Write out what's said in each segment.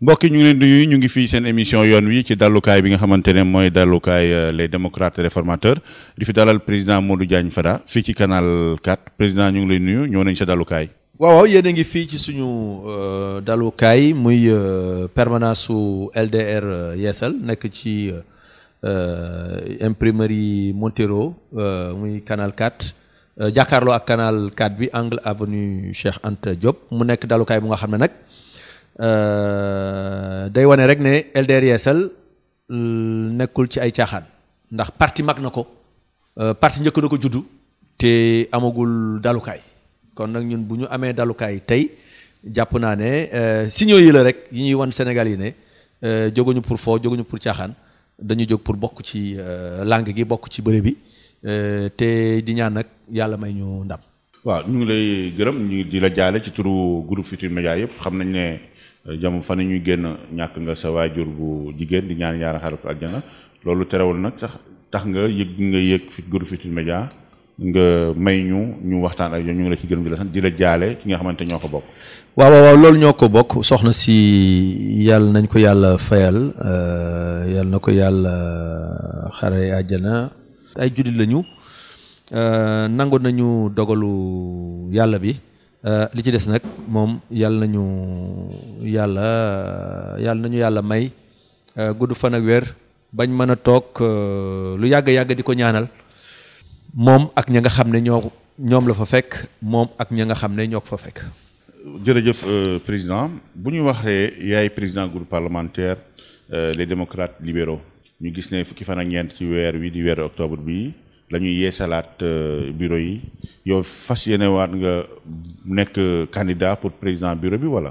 mbokk yi ñu ngi ñu ngi fii seen émission yoon wi ci dallukaay bi nga xamante ne mooy dallukaay euh, les démocrates réformateurs di fi dalal président Modou Diagne Fada fii ci canal 4 président ñu ngi lay nuyu ñoo nañ sa dallukaay. waaw waaw yéen ngi fii ci suñu euh, dallukaay muy euh, permanence su LDR Yeesal nekk ci imprimerie Montero muy canal 4. jàkkaarloo ak canal 4 bi angle avenue Cheikh Anta Diop mu nekk dallukaay bu nga xam ne nag. Euh, day wane rek ne LDR Yeesal nekkul ci ay caaxaan ndax parti mag na ko euh, parti njëkk na ko juddu te amagul dalukaay kon nag ñun bu ñu amee dalukaay tey jàpp naa ne euh, signaux yi la rek yi ñuy wan Sénégal yi ne jóguñu pour foo jóguñu pour caaxaan dañu jóg pour bokk ci langue gi bokk ci bëre bi te di ñaan nag yàlla may ñu ndam. waaw ñu ngi lay gërëm ñu di la jaale ci turu groupe Futurs Médias yëpp xam nañ ne. jamono fan yi ñuy génn ñàkk nga sa waajur bu jigéen di ñaan yàlla xaral ko aljana loolu terewul nag sax tax nga yëg nga yëg fit groupe Futurs Médias nga may ñu ñu waxtaan ak yow ñu ngi la ci gërëm di la sant di la jaale ki nga xamante ñoo ko bokk. waaw waaw loolu ñoo ko bokk soxna si yàlla nañ ko yàlla fayal euh, yàlla na ko yàlla xare àjjana. ay jullit lañu euh, nangu nañu dogalu yàlla bi. Euh, li ci des nag moom yàlla nañu yàlla yàlla nañu yàlla may euh, gudd fan ak weer bañ mën a toog euh, lu yàgg yàgg di ko ñaanal moom ak ña nga xam ne ñoo ñoom la fa fekk moom ak ña nga xam ne ñoo ko fa fekk. jërëjëf président bu ñu waxee yaay président groupe parlementaire les démocrates libéraux ñu gis ne fukki fan a ñeent ci weer wi di weeru octobre bi lañuy ñuy yeesalaat euh, bureau yi yow fas yéene waat nga nekk candidat pour président bureau bi wala.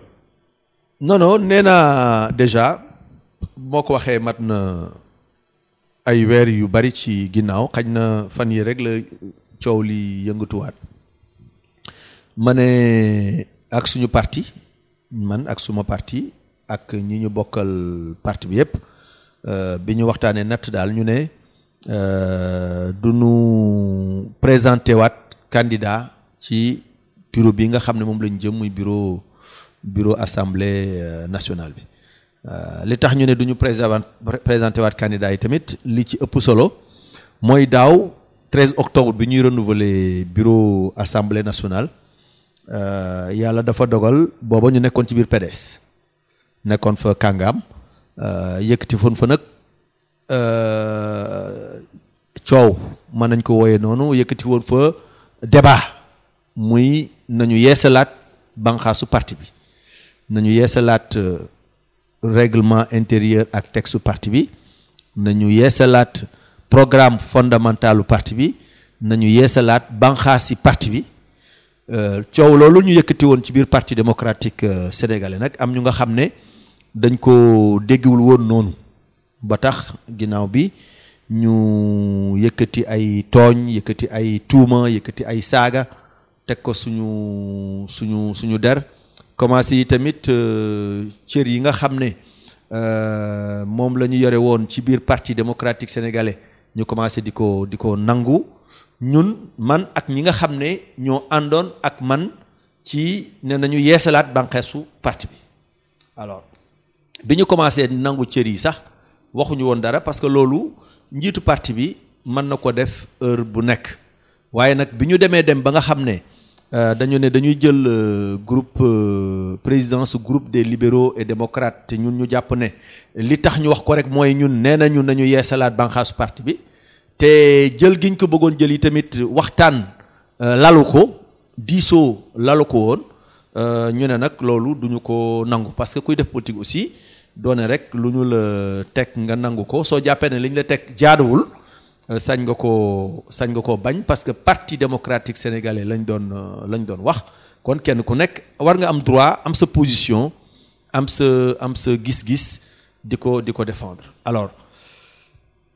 non non nee naa déjà moo ko waxee mat na ay weer yu bari ci ginnaaw xaj na fan yi rek la coow li yëngatuwaat ma ne ak suñu parti man ak suma parti ak ñi ñu bokkal parti bi yépp euh, bi ñu waxtaanee natt daal ñu ne. Euh, du nu présenté waat candidat ci bureau bi nga xam ne moom lañu jëm muy bureau bureau assemblée euh, nationale bi euh, li tax ñu ne duñu ñu présenté waat candidat yi tamit li ci ëpp solo mooy daaw 13 octobre bi ñuy renouveler bureau assemblée nationale yàlla dafa dogal booba ñu nekkoon ci biir PDS nekkoon fa kàngaam yëkkati fon fa nag coow mën nañ ko wooyee noonu yëkkati woon fa débat muy nañu yeesalaat banqaasu parti bi nañu yeesalaat euh, règlement intérieur ak texte parti bi nañu yeesalaat programme fondamentalu parti bi nañu yeesalaat banqaasi parti bi euh, coow loolu ñu yëkkati woon ci biir parti démocratique euh, sénégalais nag am ñu nga xam ne dañ ko déggiwul woon noonu ba tax ginnaaw bi ñu mu yëkkati ay tooñ yëkkati ay tuuma yëkkati ay saaga teg ko suñu suñu suñu der commencé yi tamit euh, cër yi nga xam ne euh, moom la ñu yore woon ci biir parti démocratique sénégalais ñu commencé di ko di ko nangu ñun man ak ñi nga xam ne ñoo àndoon ak man ci ne nañu yeesalaat bànqeesu parti bi alors bi ñu commencé nangu cër yi sax waxuñu woon dara parce loolu njiitu parti bi mën na ko def heure bu nekk waaye nag bi ñu demee dem ba nga xam ne euh, dañu ne dañuy jël euh, groupe euh, présidence groupe des libéro et démocrates te ñun ñu jàpp ne li tax ñu wax ko rek mooy ñun nee nañu nañu yeesalaat banqaasu parti bi te jël giñ ko bëggoon jël yi tamit waxtaan lalu ko diisoo lalu ko woon ñu ne nag loolu duñu ko nangu parce que kuy def politique aussi doone rek lu ñu la teg nga nangu ko soo jàppee ne li ñu la teg jaaduwul Euh, sañ nga ko sañ nga ko bañ parce que parti démocratique sénégalais lañ doon euh, lañ doon wax kon kenn ku nekk war nga am droit am sa position am sa am sa gis-gis di ko di ko défendre alors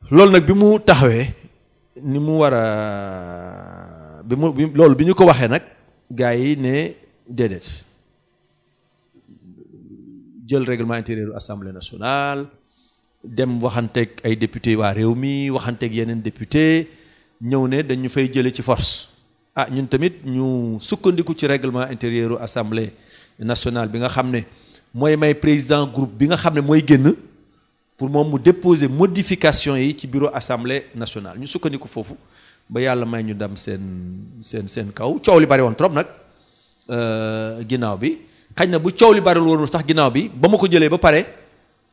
loolu nag bi mu taxawee ni mu war a bi mu loolu bi ñu ko waxee nag gars yi ne déedéet jël règlement intérieur assemblée nationale dem waxanteeg ay député waa réew mi waxanteeg yeneen député ñëw ne dañu fay jële ci force ah ñun tamit ñu sukkandiku ci règlement intérieur assemblée nationale bi nga xam ne mooy may président groupe bi nga xam ne mooy génn pour moom mu déposer modification yi ci bureau assemblée nationale ñu sukkandiku foofu ba yàlla may ñu dem seen seen seen kaw coow li bari woon trop nag euh, ginnaaw bi xañ na bu coow li bari woonul sax ginnaaw bi ba ma ko jëlee ba pare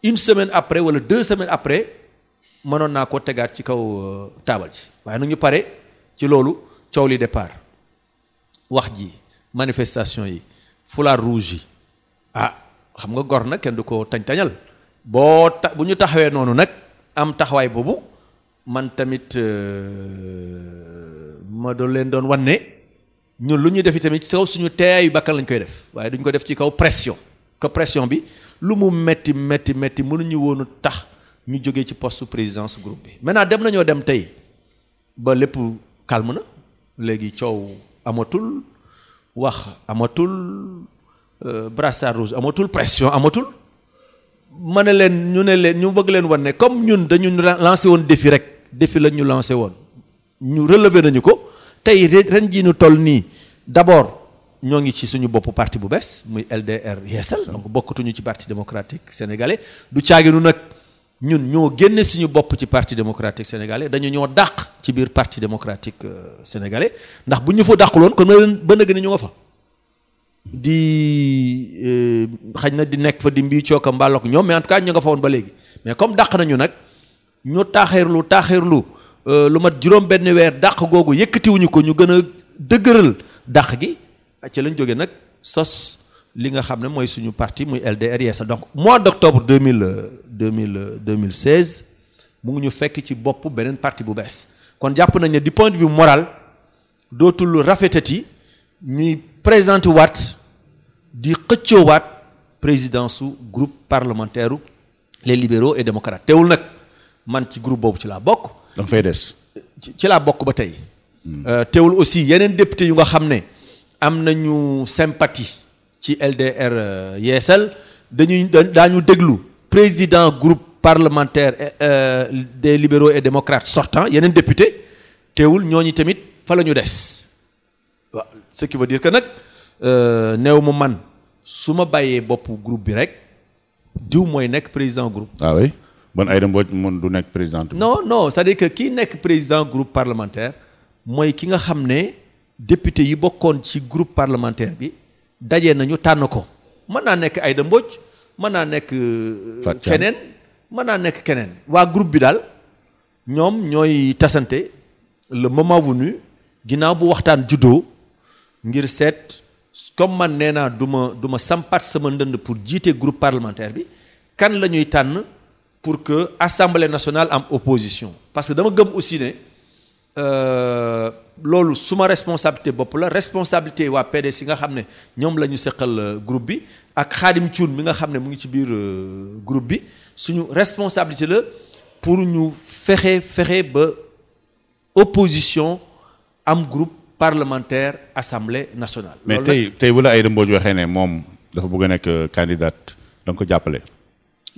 une semaine après wala deux semaines après mënoon naa ko tegaat ci kaw euh, taabal ji waaye nag ñu pare ci loolu coow li départ wax ji manifestation yi foulard rouge yi ah xam nga gor nag kenn du ko tañ-tañal boo ta bu ñu taxawee noonu nag am taxawaay boobu man tamit euh, ma doon leen doon wan ne ñun lu ñuy defi tamit ci kaw suñu teeyaayu bakkan lañ koy def waaye duñ ko def ci kaw pression que pression bi lu mu metti metti metti mënuñu woonu tax ñu jóge ci poste présidence groupe bi maintenant dem nañoo dem tey ba lépp calme na léegi coow amatul wax amatul euh, brassard rouge amatul pression amatul ma ne leen ñu ne leen ñu bëgg leen wan ne comme ñun dañu lancé woon defi rek defi la ñu lancé woon ñu relever nañu ko tey ren jii nu toll nii d'abord ñoo ngi ci suñu bopp parti bu bees muy LDR Yeesal donc bokkatuñu ci parti démocratique sénégalais du caaginu nag ñun ñoo génne suñu bopp ci parti démocratique sénégalais dañu ñoo dàq ci biir parti démocratique euh, sénégalais ndax bu ñu fa dàquloon kon ba nëgg ni ñu nga fa di euh, xaj na di nekk fa di mbii cooka mbàllook ñoom mais en tout cas ñu nga fa woon ba léegi mais comme dàq nañu nag ñu taaxeerlu taaxeerlu euh, lu mat juróom benn weer dàq googu yëkkatiwuñu ko ñu gën a dëgëral dàq gi ca lañ jógee nag sos li nga xam ne mooy suñu parti muy LDRS donc mois d' octobre deux mille deux mille deux mille seize mu ngi ñu fekk ci bopp beneen parti bu bees kon jàpp nañ ne di point de vue moral dootul rafetati ñuy présenter waat di xëccoowaat présidence su groupe parlementaire les libéraux et démocrates teewul nag man ci groupe boobu ci laa bokk. da fay des. ci laa bokk ba tey. Hmm. Euh, teewul aussi yeneen député yu nga xam ne. am na nañu sympathie ci LDR euh, Yeesal dañuy daañu déglu président groupe parlementaire euh, euh, des libéraux et démocrates sortant yeneen député ñoo ñooñu tamit fa la ñu des waaw ce qui veut dire que nag néew ma man su ma bàyyee bopp groupe bi rek diw mooy nekk président groupe. ah oui man Aïda Mbodj man du nekk président. non non c'est-à-dire que kii nekk président groupe parlementaire mooy ki nga xam ne. député yi bokkoon ci groupe parlementaire bi daje nañu tànn ko mën naa nekk Aïda Mbodj mën naa nekk euh, keneen mën naa nekk keneen waa groupe bi daal ñoom ñooy tasante le moment venu ginnaaw bu waxtaan juddoo ngir seet comme man nee naa du ma du ma sampat sama ndënd pour jiite groupe parlementaire bi kan la ñuy tànn pour que assemblée nationale am opposition parce que dama gëm aussi ne euh, loolu suma responsabilité bopp la responsabilité waa PDS si nga xam ne ñoom la ñu seqal euh, groupe bi ak Xaadim Cuun mi nga xam ne mu ngi ci biir euh, groupe bi suñu responsabilité la pour ñu fexe fexe ba opposition am groupe parlementaire assemblée nationale. mais tey tey bu la Aïda Mbodj waxee ne moom dafa bëgg a nekk euh, candidate da ko jàppale.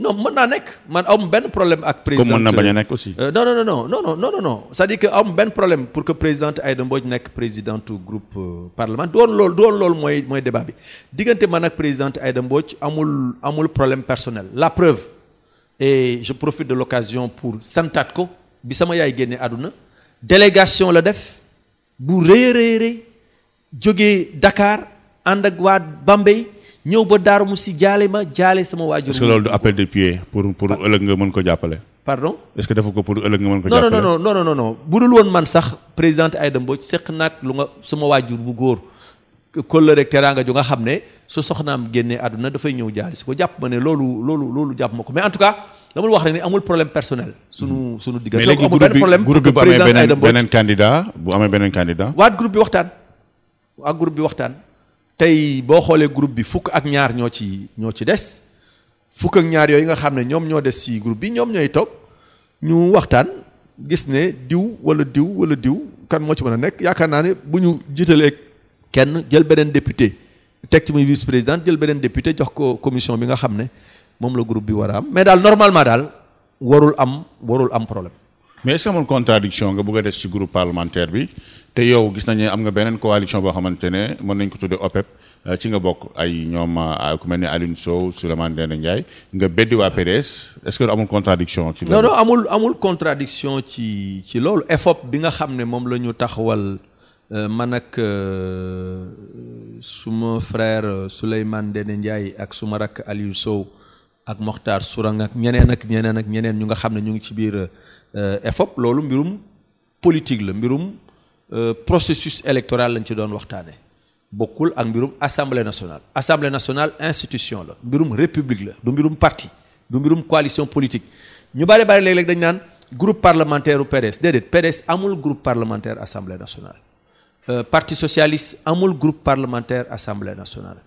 non mën naa nekk man am benn problème ak. présidente comme mën na bañ a nekk aussi. Euh, non non non non non non non non c'est-à-dire que am benn problème pour que présidente Aïda Mbodj nekk présidente groupe euh, parlement doon loolu doon loolu mooy mooy débat bi diggante man ak présidente Aïda Mbodj amul amul problème personnel la preuve et je profite de l'occasion pour santaat ko bi sama yaay génne àdduna délégation la def bu rëy a rëy jógee Dakar ànd ak waa Bambey. ñëw ba daaru mu si jaale ma jaale sama waajur. est-ce que loolu du appel ëllëg nga mën ko jàppale. pardon est-ce que ko pour ëllëg nga mën ko jàppale. non non non non non bu dul woon man sax présidente Aïda Mbodj seq naag lu nga góor. kóllëre ak ju nga xam ne su soxnaam génnee àdduna dafay ñëw jaale si ko jàpp ma ne loolu loolu loolu jàpp ma ko mais en tout cas. wax rek ni amul problème personnel. sunu hmm. sunu diggante. mais léegi groupe bi groupe bi bu amee beneen beneen candidat bu amee beneen candidat. waat groupe bi waxtaan. waat groupe bi waxtaan. tey boo xoolee groupe bi fukk ak ñaar ñoo ci ñoo ci des fukk ak ñaar yooyu nga xam ne ñoom ñoo des ci groupe bi ñoom ñooy toog ñu waxtaan gis ne diw wala diw wala diw kan moo ci mën a nekk yaakaar naa ne bu ñu jiitalee kenn jël beneen député teg ci muy vice président jël beneen député jox ko commission bi nga xam ne moom la groupe bi war a am mais daal normalement daal warul am warul am problème. mais est-ce que amul contradiction nga bëgg a des ci groupe parlementaire bi te yow gis nañu am nga beneen coalition boo xamante ne mën nañ ko tuddee OPEP euh, ci nga bokk ay ñoom euh, ku mel ne Alioune Sow Souleymane Ndéné Ndiaye nga beddi waa PDS est ci non amul amul contradiction ci ci loolu EFOP bi nga xam ne moom la ñu taxawal euh, man ak suma frère Souleymane Ndéné Ndiaye ak suma rakk Sow ak Mokhtar Sourang ak ñeneen ak ñeneen ak ñeneen ñu nga xam ne ñu ngi ci biir e euh, EFOP loolu mbirum politique la mbirum euh, processus électoral lañ ci doon waxtaane bokkul ak mbirum assemblée nationale assemblée nationale institution la mbirum république la du mbirum parti du mbirum coalition politique ñu bari bari léeg-léeg dañ naan groupe parlementaire u PDS déedéet PDS amul groupe parlementaire assemblée nationale euh, parti socialiste amul groupe parlementaire assemblée nationale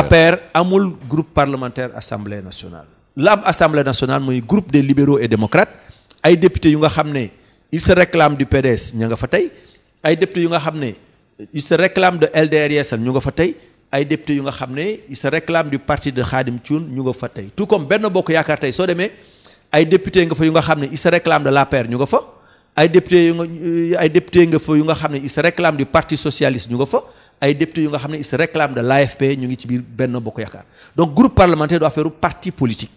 APR amul groupe parlementaire assemblée nationale la am assemblée nationale mooy groupe des libéraux et démocrates ay députés yu nga xam ne il se réclame du PDS ña nga fa tey ay députés yu nga xam ne il se réclame de LDR Yeesal ñu nga fa tey ay députés yu nga xam ne il se réclame du parti de Khadim Thioune ñu nga fa tey tout comme Benno Bokk Yaakaar tey soo demee ay député nga fa yu nga xam ne il se réclame de l'APR ñu nga fa ay député yu nga ay député nga fa yu nga xam ne il se réclame du parti socialiste ñu nga fa ay députés yu nga xam ne il se réclame de l'AFP ñu ngi ci biir Benno Bokk Yaakaar donc groupe parlementaire doit faire parti politique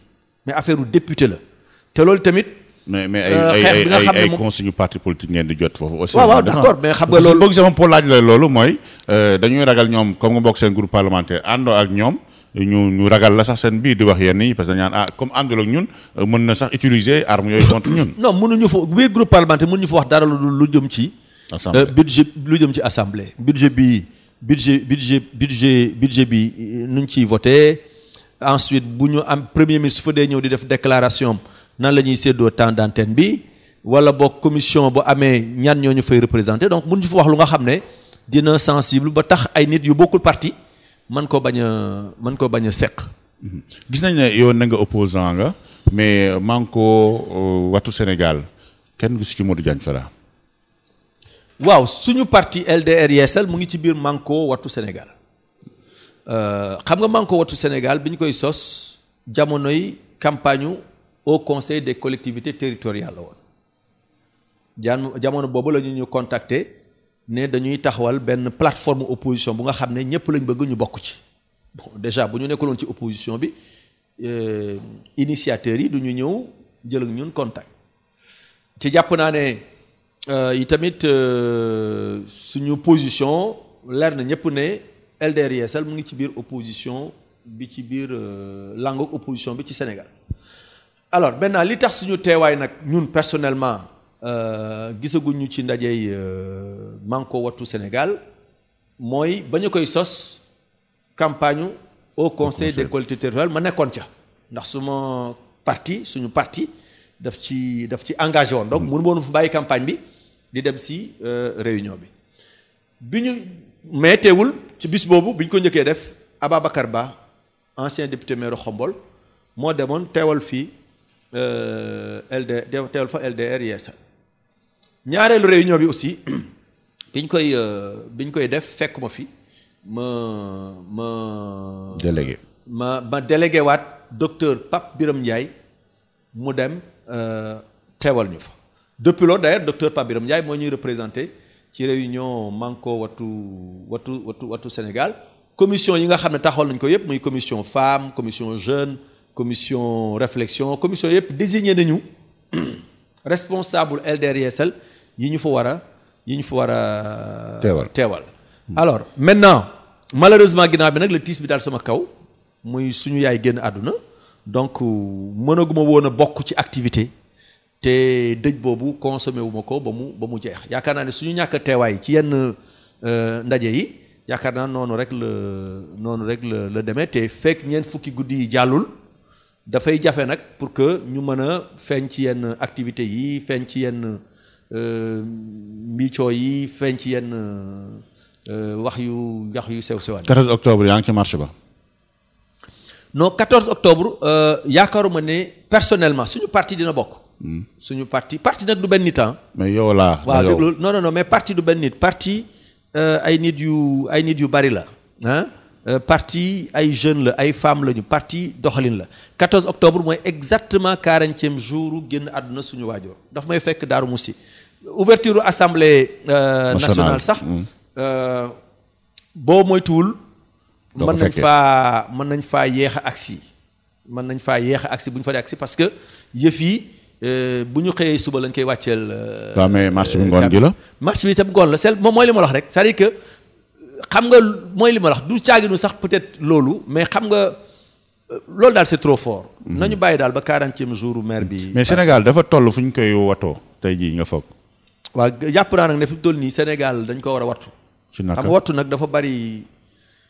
mais affaire député la te loolu tamit. mais mais euh, ay ay ay ay parti politique ngeen di jot foofu. aussi waaw waaw d'accord mais xam nga loolu. bëgg sama pour laaj la loolu mooy euh, dañuy ragal ñoom comme nga bokk seen groupe parlementaire àndoo ak ñoom. ñu ñu ragal la sax seen biir di wax yenn yi parce que ñaan ah comme àndul ak ñun euh, mën na sax utiliser arme yooyu contre ñun. non mënuñu fa biir groupe parlementaire mënuñu fa wax dara lu jëm ci. budget lu jëm ci assemblée. budget bi budget budget budget budget bi nu ñu ciy voté. ensuite bu ñu am premier ministre fu dee ñëw di def déclaration nan la ñuy séddoo temps d'antenne bi wala boog commission bu amee ñan ñoo ñu fay représenté donc mun ñu fa wax lu nga xam ne dina sensible ba tax ay nit yu bokkul parti man ko bañ a mën ko bañ a seq. gis nañ ne yow na nga opposant nga mais Manko euh, watu Sénégal kenn gisu ci Modou Diagne Fada. waaw suñu parti LDR/Yeesal mu ngi ci biir Manko watu Sénégal. Euh, xam nga Manko Wattu Sénégal bi ñu koy sos jamonoy campagne au conseil des collectivités territorial la woon jamono boobu la ñu ñu contacter ne dañuy taxawal benn plateforme opposition bu nga xam ne ñëpp lañ bëgg ñu bokk ci bon déjà bu ñu nekkuloon ci opposition bi euh, initiateurs yi du ñu ñëw jël ak ñun contact ci jàpp naa ne euh, yi tamit suñu position leer na ñëpp ne. LDR Yeesal mu ngi ci biir opposition bi ci biir euh, langue opposition bi ci Sénégal alors maintenant li tax suñu teewaay nag ñun personnellement euh, gisaguñu ci ndajey euh, Manko Wattu Sénégal mooy ba ñu koy sos campagne au conseil des collectivités territoriales ma nekkoon ca ndax suma parti suñu parti daf ci daf ci engagé woon donc mm. mënu woon fa bàyyi campagne bi di dem si réunion bi bi ñu mais ci bis boobu bi ñu ko njëkkee def Ababacar Ba ancien député maire Xombol moo demoon teewal fii euh, LD teewal fa LDR Yeesal ñaareelu réunion bi aussi bi ñu koy euh, bi ñu koy def fekk ma fi ma ma. délégué ma ma délégué waat docteur Pape Biram Ndiaye mu dem euh, teewal ñu fa depuis loolu d'ailleurs docteur pap Biram njaay moo ñuy représenté. ci réunion manko wattu wattu wattu wattu Sénégal commission yi nga xam ne taxawal nañ ko yëpp muy commission femme commission jeune commission réflexion commission yëpp désigné nañu responsable LDRSL yi ñu fa war a yi ñu fa war a teewal teewal hmm. alors maintenant malheureusement ginnaaw bi nag la tiis bi daal sama kaw muy suñu yaay génn àdduna donc mënaguma woon a bokk ci activité te dëj boobu consommé wu ko ba mu ba mu jeex yaakaar naa ne suñu ñàkk teewaay ci yenn euh, ndaje yi yaakaar naa noonu rek la noonu rek la la te fekk ñeent fukki guddi yi jàllul dafay jafe nag pour que ñu mën a feeñ ci yenn activités yi feeñ ci yenn euh, mbiicoo yi feeñ ci yenn euh, wax yu wax yu sew sewaan 14 octobre yaa ngi ci marché ba. non 14 octobre yaakaaruma ne personnellement suñu parti dina bokk. suñu parti parti nag du benn nit ah. mais yow laa. waaw déglu non non non mais parti du benn nit parti euh, ay nit yu ay nit yu bari la ah. euh, parti ay jeunes la ay femmes lañu parti doxalin la 14 octobre mooy exactement quarantième jour génn àdduna suñu waajur daf may fekk Daaru Musi ouverture assemblée euh, nationale sax hmm. boo moytuwul mën nañ faa mën nañ faa yeex a agsi mën nañ faa yeex a agsi bu ñu fa dee agsi parce que yëf yi Euh, bu ñu xëyee suba lañ koy wàcceel. Euh, waaw mais marche bi euh, ngoon gi la. marche bi itam ngoon la sel moom mooy li ma wax rek cest que xam nga mooy li ma wax du caaginu sax peut-être loolu mais xam nga loolu daal c'est trop fort. Mhm. nañu bàyyi daal ba quarantième jour maire bi. mais Sénégal dafa toll fu ñu koy watoo tey jii nga foog. waa jàpp naa nag ne fi mu nii Sénégal dañ ko war a wattu. ci naka xam nga wattu nag dafa bari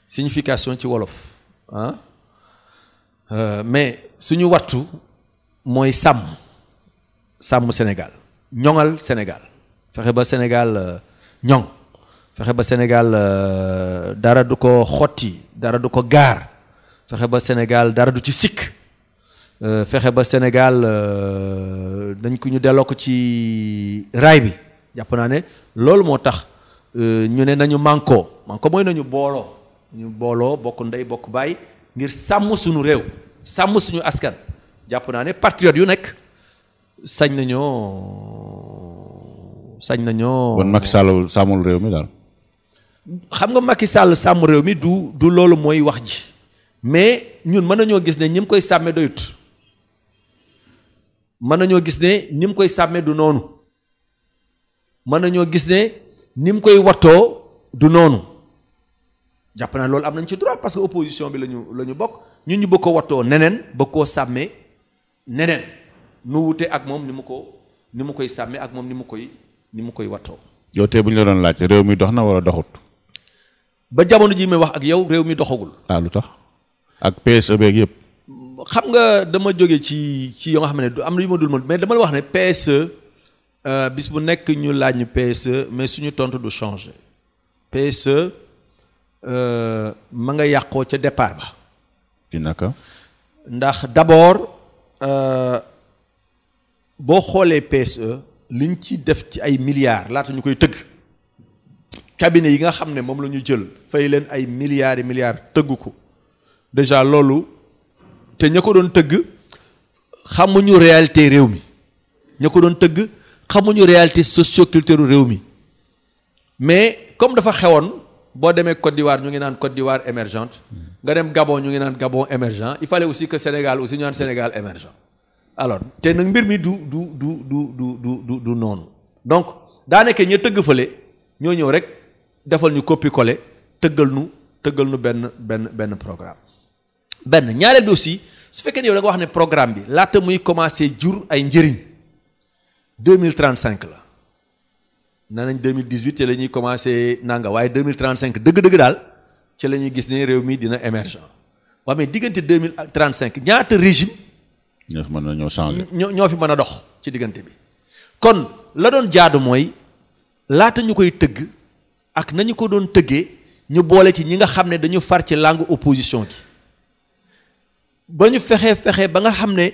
signification ci wolof ah mais suñu wattu mooy sàmm. sàmm Sénégal ñoŋal Sénégal fexe ba Sénégal euh, ñoŋ fexe ba Sénégal euh, dara du ko xotti dara du ko gaar fexe ba Sénégal dara du ci sikk euh, fexe ba Sénégal nañ ko ñu delloo ko ci raay bi jàpp naa ne loolu moo tax ñu ne nañu mànkoo mànkoo mooy nañu booloo ñu booloo bokk ndey bokk baay ngir sàmm suñu réew sàmm suñu askan jàpp naa ne patriote yu nekk sañ nañoo sañ nañoo. kon Macky Sall sàmmul réew mi daal. xam nga Macky Sall sàmm réew mi du du loolu mooy wax ji mais ñun mën nañoo gis ne ñi mu koy sàmmee doyut mën nañoo gis ne ni koy sàmmee du noonu mën nañoo gis ne ni koy wattoo du noonu jàpp naa loolu am nañ ci droit parce que opposition bi la ñu la ñu bokk ñun ñu bëgg ko wattoo neneen bëgg koo sàmmee neneen. nu wute ak moom ni mu ko ni mu koy sàmme ak moom ni mu koy ni mu koy wattoo. yow tey bu ñu la doon laaj réew mi dox na wala doxut. ba jamono ji may wax ak yow réew mi doxagul. ah lu tax ak PSE beeg yëpp. xam nga dama jóge ci ci yoo nga xam ne du am na yu ma dul mais dama la wax ne PSE euh, bis bu nekk ñu laaj ñu PSE mais suñu tontu du changer PSE euh, ma nga yàqoo ca départ ba. di ko ndax d'abord. Euh, boo xoolee PSE liñ ci def ci ay milliards laata ñu koy tëgg cabinet yi nga xam ne moom la ñu jël fay leen ay milliards yi milliards tëgg ko déjà loolu te ña ko doon tëgg xamuñu réalité réew mi ña ko doon tëgg xamuñu réalité socioculturelle réew mi mais comme dafa xewoon boo demee Côte d'Ivoire ñu ngi naan Côte d'Ivoire émergente nga dem Gabon ñu ngi naan Gabon émergent il fallait aussi que Sénégal aussi ñu naan Sénégal émergent alors te nag mbir mi du du du du du du du du noonu donc daanaka ña tëgg fële ñoo ñëw rek defal ñu copie coller tëggal nu tëggal nu benn benn benn programme. benn ñaareel bi su fekkee ne yow da nga wax ne programme bi laata muy commencé jur ay njëriñ deux mille trente cinq la nee nañ deux mille dix huit la ñuy commencé nanga waaye deux mille trente cinq dëgg-dëgg daal ci la ñuy gis ne réew mii dina émergent waaye mais diggante deux mille trente cinq ñaata régime. ñoo fi mën a ñoo changé. ñoo ñoo fi mën a dox ci diggante bi. kon la doon jaadu mooy laata ñu koy tëgg ak nañu ko doon tëggee ñu boole ci ñi nga xam ne dañu far ci langue opposition gi ba ñu fexee fexe ba nga xam ne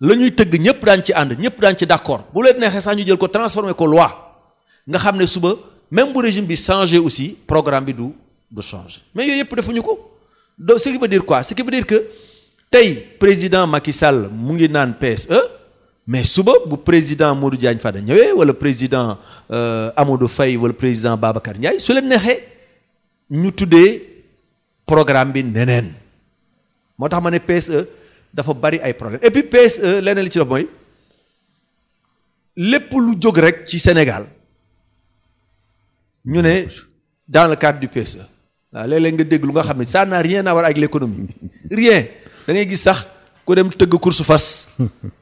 la ñuy tëgg ñëpp daan ci ànd ñëpp daan ci d'accord bu leen neexee sax ñu jël ko transformé ko loi nga xam ne suba même bu régime bi changé aussi programme bi du du changé mais yooyu yëpp defuñu ko do ce qui veut dire que. tey président Macky Sall mu ngi naan PSE mais suba bu président Modou Diagne Fada ñëwee wala président euh, Amadou fay wala président Babacar Ndiaye su leen neexee ñu tuddee programme bi neneen moo tax ma ne PSE dafa bari ay problème et puis PSE leneen li ci def mooy lépp lu jóg rek ci Sénégal ñu ne dans le cadre du PSE waaw léeg nga dégg lu nga xam ne ça n'a rien à voir avec l'économie rien da ngay gis sax ku dem tëgg course fas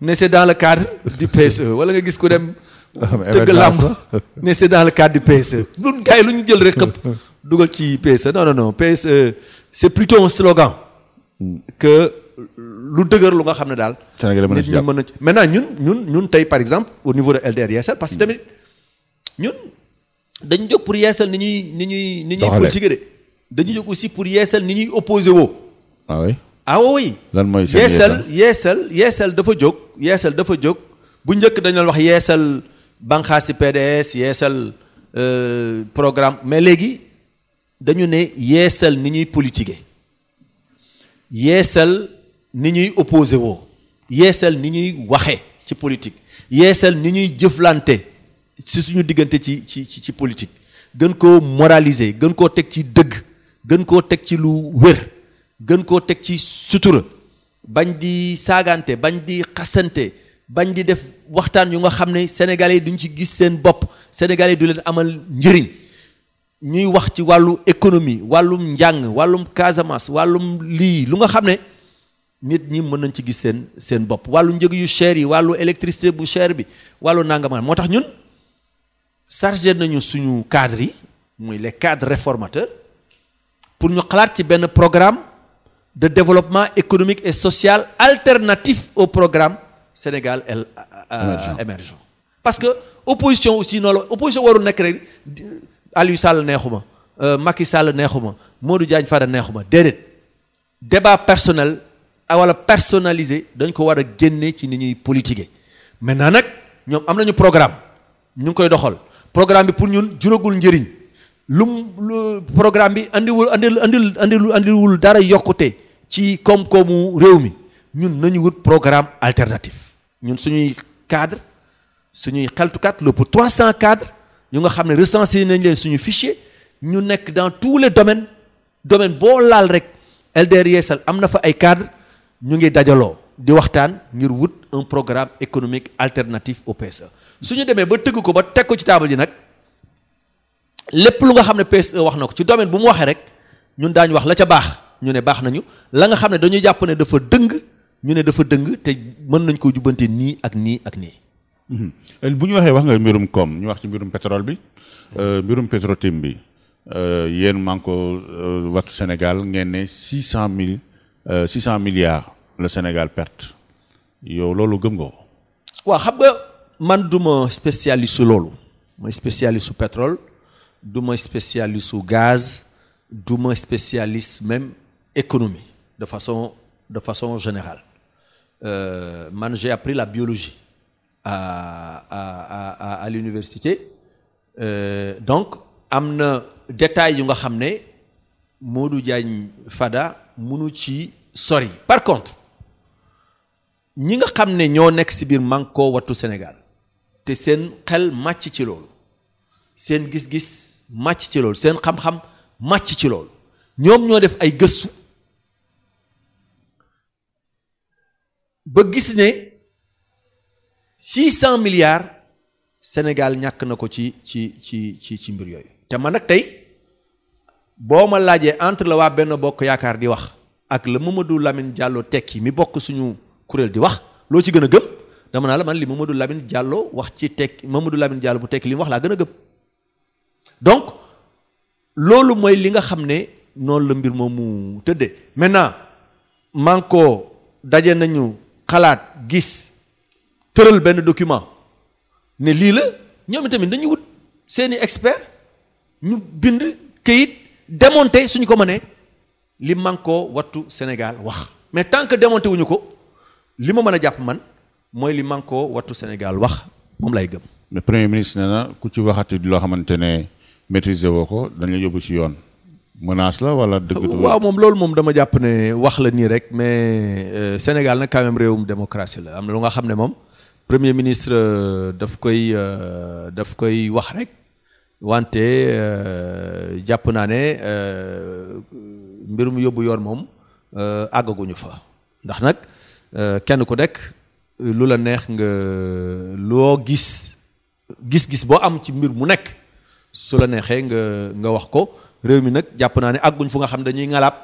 ne c'est dans le cadre du PSE wala nga gis ku dem ah, tëgg làmb ne c'est dans le cadre du PSE lun gars yi lu ñu jël rek xëpp dugal ci PSE non non non PSE c'est plutôt slogan que lu dëgër lu nga xam ne daal nit ñu mën na maintenant ñun ñun ñun tey par exemple au niveau de LDR Yeesal parce que tamit ñun dañu jóg pour yeesal ni ñuy ni ñuy ni ñuy politique de dañu jóg aussi pour yeesal ni ñuy opposé woo ah ah lan mooy seen yeesal yeesal yeesal dafa jóg yeesal dafa jóg bu njëkk dañu doon wax yeesal banqaas si PDS yeesal euh, programme mais léegi dañu ne yeesal ni ñuy politiquer yeesal ni ñuy opposé woo yeesal ni ñuy waxe ci politique yeesal ni ñuy jëflante si suñu diggante ci ci ci politique gën koo moraliser gën koo teg ci dëgg gën koo teg ci lu wér gën koo teg ci sutura bañ di saagante bañ di xasante bañ di def waxtaan yu nga xam ne sénégalais yi duñ ci gis seen bopp sénégalais yi du leen amal njëriñ ñuy wax ci wàllu économie wàllum njàng wàllum Casamance wàllum lii lu nga xam ne nit ñi mën nañ ci gis seen seen bopp wàllu njëg yu cher yi wàllu électricité bu cher bi wàllu nangama moo tax ñun chargé nañu suñu cadres yi muy les cadres réformateurs pour ñu xalaat ci benn programme de développement économique et social alternatif au programme Sénégal el euh, parce que opposition aussi noonu la opposition warul nekk rek Aliou Sall neexuma euh, Macky Sall neexuma Modou Diagne Fada neexuma déedéet débat personnel ah, wala personnalisé dañ ko war a génne ci ni ñuy politiquer maintenant nag ñoom am nañu programme ñu ngi koy doxal programme bi pour ñun juróogul njëriñ lum programme bi andiwul andil andil andiwul dara yokkute ci koom-koomu réew mi ñun nañu wut programme alternatif ñun suñuy cadre suñuy xeltukat lu pour 300 cadres ñu nga xam ne recensé nañ leen suñu fichier ñu nekk dans tous les domaines domaine boo laal rek LDR Yeesal am na fa ay cadres ñu ngi dajaloo di waxtaan ngir wut un programme économique alternatif au PSE su ñu demee ba tëgg ko ba teg ko ci taabal yi nag lépp lu nga xam ne PSE wax na ko ci domaine bu mu waxee rek ñun daañu wax la ca baax ñu ne baax nañu la nga xam ne dañu jàpp ne dafa dëng ñu ne dafa dëng te mën nañ koo jubbante nii ak nii ak nii mm-hmm. euh, bu ñu waxee wax nga mbirum koom ñu wax ci mbirum pétrole bi euh, mbirum Petro-Tim bi euh, yéen maa ngi ko wattu Sénégal ngeen ne six cent mille six cent milliards le Sénégal perte yow loolu gëm ko waaw xam nga man du ma spécialiste su loolu ma spécialiste su pétrole du ma spécialiste su gaz duma ma spécialiste même économie de façon de façon générale euh, man j'ai appris la biologie à à à l'université euh, donc am na détails yu nga xam ne Modou Diagne Fada munu ci sori par contre ñi nga xam ne ñoo nekk si biir Manko Wattu Sénégal te seen xel màcc ci loolu seen gis-gis màcc ci loolu seen xam-xam màcc ci loolu ñoom ñoo def ay gëstu ba gis ne six cent Sénégal ñàkk na ko ci ci ci ci ci mbir yooyu te man nag tey boo ma laajee entre la waa benn bokk yaakaar di wax ak la Mamadou Lamine jàlloo tekki mi bokk suñu kuréel di wax loo ci gën a gëm dama naa la man li Mamadou Lamine jàlloo wax ci tekki Mamadou lamin Diallo bu tekki lim mu wax laa gën a gëm donc loolu mooy li nga xam ne noonu la mbir mu tëddee maintenant man ko daje nañu xalaat gis tëral benn document ne lii la ñoom tamit dañuy wut seeni expert ñu bind këyit démonter suñu ko mënee li mànkoo wattu Sénégal wax mais tant que démonter wuñu ko li ma mën a jàpp man mooy li mànkoo wattu Sénégal wax moom lay gëm. mais premier ministre nee na ku ci waxati loo xamante ne maîtriser woo ko dañ yóbbu ci yoon. menace la wala dëgg. waaw moom loolu moom dama jàpp ne wax la nii rek mais euh, Sénégal nag quand même réewum démocratie la am na lu nga xam ne moom premier ministre euh, daf koy euh, daf koy wax rek wante jàpp naa ne mbirum yóbbu yoon moom àggaguñu fa ndax nag kenn ku nekk lu la neex nga loo gis gis-gis boo am ci mbir mu nekk su la neexee nga nga wax ko. réew mi nag jàpp naa ne àgguñ fu nga xam dañuy ngalaab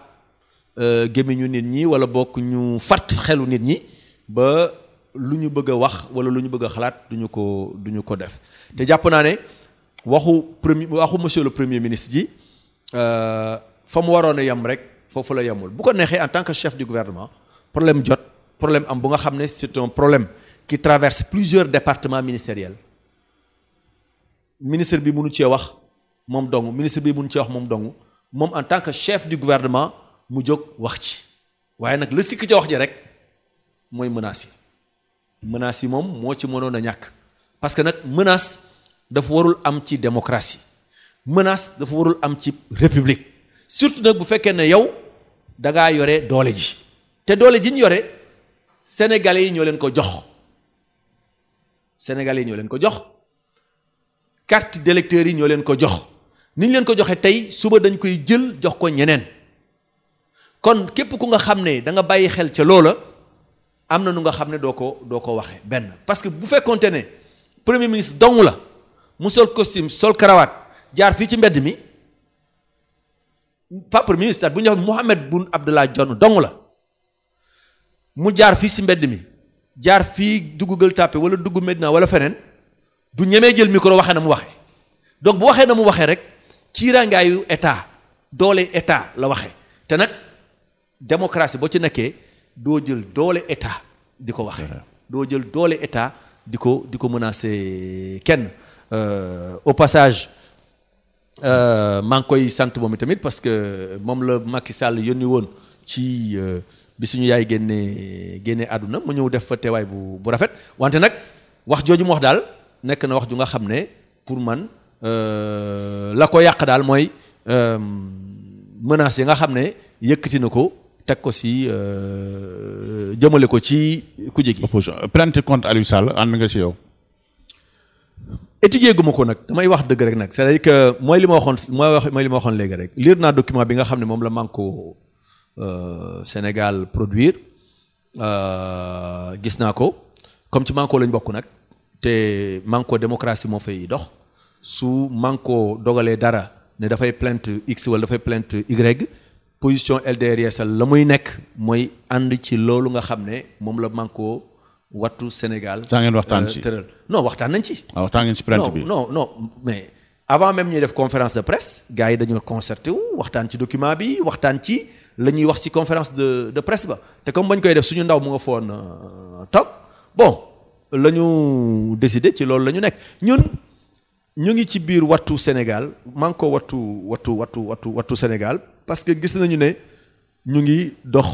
euh, gémmiñu nit ñi wala bokk ñu fàtt xelu nit ñi ba lu ñu bëgg a wax wala lu ñu bëgg a xalaat duñu ko duñu ko def te jàpp naa ne waxu premier waxu monsieur le premier ministre ji euh, fa mu waroon a yem rek foofu la yemul bu ko neexee en tant que chef du gouvernement problème jot problème am bu nga xam ne c'est problème qui traverse plusieurs départements ministériels ministre bi mënu cee wax moom dong ministre bi mun ci wax moom dong moom en tant que chef du gouvernement mu jóg wax ci waaye nag la sikk ca wax ji rek mooy menaces yi menaces yi moom moo ci mënoon a ñàkk parce que nag menace dafa warul am ci démocratie menace dafa warul am ci république surtout nag bu fekkee ne yow da ngaa yore doole ji te doole ji ñu yore sénégalais yi ñoo leen ko jox sénégal yi ñoo leen ko jox carte d'électeur yi ñoo leen ko jox ni ñu leen ko joxe tey suba dañ koy jël jox ko ñeneen kon képp ku nga xam ne da nga bàyyi xel ca loola am na nu nga xam ne doo ko doo ko waxe benn parce que bu fekkonte ne premier ministre dong la mu sol costume sol karawaat jaar fii ci mbedd mi pas premier ministre bu ñu wax Mohamed Boun Abdallah Dionne dong la mu jaar fii si mbedd mi jaar fii dugg Gueule Tapée wala dugg Médina wala feneen du ñemee jël micro waxee na mu waxe donc bu waxee na mu waxee rek kiirangaayu état doole état la waxe te nag démocratie boo ci nekkee doo jël doole état di ko waxe doo jël doole état di ko di ko menacer kenn euh, au passage euh, maa ngi koy sant moom tamit parce que moom la Macky sàll yónni woon ci euh, bi suñu yaay génnee génnee àdduna mu ñëw def fa teewaay bu bu rafet wante nag wax jooju mu wax daal nekk na wax ju nga xam ne pour man Euh, la ko yàq daal mooy euh, menaces yi nga xam ne yëkkati na ko teg ko si euh, jëmale ko ci kuje gi. opposition plainte contre Aliou Sall ànd nga si yow. étudier guma ko nag damay wax dëgg rek nag cest à que mooy li ma waxoon mooy wax mooy li waxoon léegi rek lire naa document bi nga xam ne moom la Manko Sénégal produire gis naa ko comme ci Manko lañ bokk nag te Manko démocratie moo fa fay dox. su manko dogalee dara ne dafay plainte x wala dafay plainte y position LDR Yeesal la muy nekk mooy ànd ci loolu nga xam ne moom la manko wattu Sénégal. saa ngeen waxtaan euh, ci tëral non waxtaan nañ ci. waaw ah, waxtaan ngeen ci plainte bi mais. avant même ñuy def conférence de presse gars yi dañoo concerté wu waxtaan ci document bi waxtaan ci la ñuy wax ci conférence de de presse ba te comme bañ koy def suñu ndaw mu nga foon euh, toog bon la décidé ci loolu la ñu nekk ñun. ñu ngi ci biir wattu Sénégal maa wattu wattu wattu wattu wattu Sénégal parce que gis nañu ne ñu ngi dox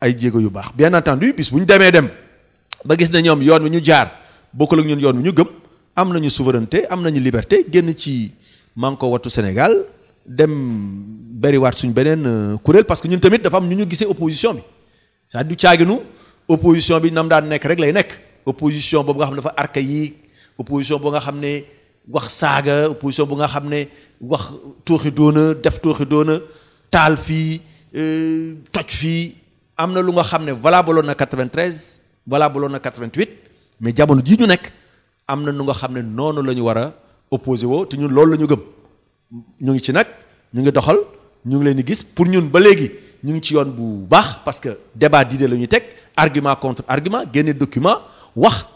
ay jéego yu baax bien entendu bis bu ñu demee dem ba gis ne ñoom yoon wi ñu jaar bokkul ak ñun yoon wi ñu gëm am nañu souveraineté am nañu liberté génn ci maa ngi wattu Sénégal dem beriwaat suñ beneen euh, kuréel parce que ñun tamit dafa am ñu ñu gisee opposition bi cest du caaginu opposition bi nam daan nekk rek lay nekk opposition boobu nga xam ne dafa archaïque opposition nga xam ne. wax saaga opposition bu nga xam ne wax tooxi doona def tooxi doona taal fii euh, toj fii am na lu nga xam ne valabaloon na 93 valabaloon na 88 mais jamono jii ñu nekk am na nu nga xam ne noonu la ñu war a opposé woo te ñun loolu la ñu gëm ñu ngi ci nag ñu ngi doxal ñu ngi leen di gis pour ñun ba léegi ñu ngi ci yoon bu baax parce que débat d'idées la ñuy teg argument contre argument génne document wax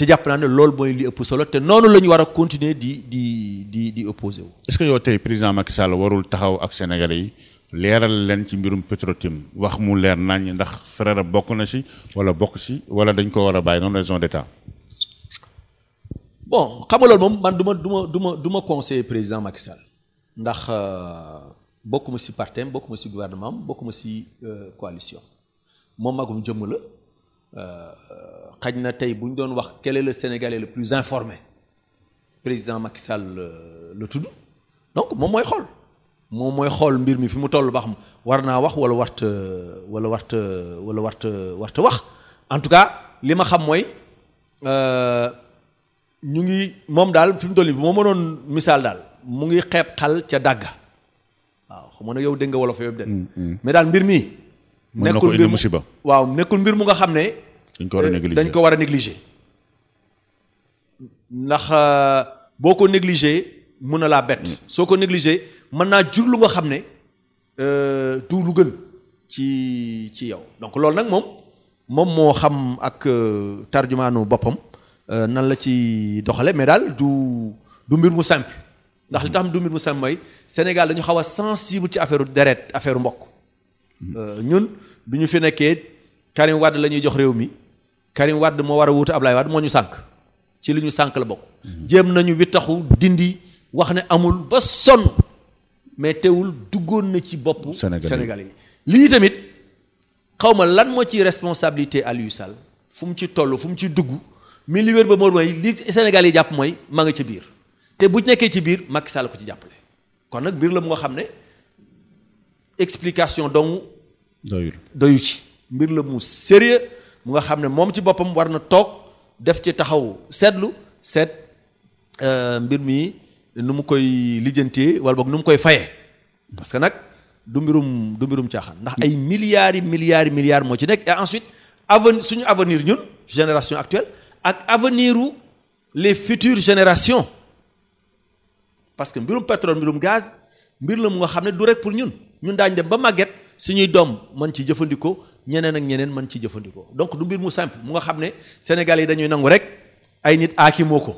ci jàpp naa ne loolu mooy li ëpp solo te noonu la ñu war a continuer di di di di opposé wu. est-ce que yow tey président Macky warul taxaw ak Sénégalais yi leeral leen ci mbirum Petro-Tim wax mu leer nañ ndax frère bokk na si wala bokk si wala dañ ko war a bàyyi noonu raison d'état. bon xam moom man du ma du ma du ma du ma conseiller président Macky Sall ndax euh, bokkuma si parti am bokkuma si gouvernement bokk ma si euh, coalition moom magum jëmm la. Euh, xaj na tey bu ñu doon wax quel est le sénégalais plus informé président Macky Sall euh, la tudd donc moom mooy xool moom mooy xool mbir mi fi mu toll ba xam war naa wax wala wart wala wart wala wart warta wax en tout cas li ma xam mooy euh, ñu ngi moom daal fi mu toll yi bu ma doon misaal daal mu ngi xeeb xal ca dàgga waaw xam ne yow dégg nga wolof yooyu de mm, mm. mais daal mbir mi nekkul mbir musiba nekkul mbir mu nga xam ne dañ ko war a euh, négliger dañ ko war a négliger ndax euh, boo ko négliger mun na laa bett. Mm. soo ko négliger mën naa jur lu nga xam ne euh, du lu gën ci ci yow donc loolu nag moom moom moo xam ak tarjumaanu boppam nan la ci doxale mais daal du du mbir mu simple. ndax li tax du mbir mu simple mooy Sénégal dañu xaw a sensible ci affaire deret affaire mbokk. Mm. ñun bi ñu fi nekkee Karim Wade la ñuy jox réew mi. Karim Wade moo war a wuute Ablaye Wade moo ñu sànq ci li ñu sànq la bokk. jéem nañu bi dindi wax ne amul ba sonn mais teewul duggoon na ci boppu. Sénégalais yi lii tamit xaw ma lan moo ci responsabilité Aliou Sall fu mu ci toll fu mu ci dugg mi li wér ba moom mooy li Sénégal yi jàpp mooy maa ngi ci biir te bu nekkee ci biir Macky Sall ko ci jàppale kon nag mbir la mu nga xam ne explication dong doyul doyu ci mbir la mu sérieux mu nga xam ne moom ci boppam war na toog def ci taxaw seetlu seet euh, mbir mi nu mu koy lijjantee wala boog nu mu koy fayee parce que nag du mbirum du mbirum caaxaan ndax ay milliards yi milliards yi moo ci nekk et ensuite avenir suñu avenir ñun génération actuelle ak avenir u les futures générations parce que mbirum pétrole mbirum gaz mbir la mu nga xam ne du rek pour ñun ñun daañ dem ba màgget suñuy doom mën ci jëfandikoo ñeneen ak ñeneen man ci jëfandikoo donc du mbir mu simple mu nga xam ne Sénégal yi dañuy nangu rek ay nit aaki moo ko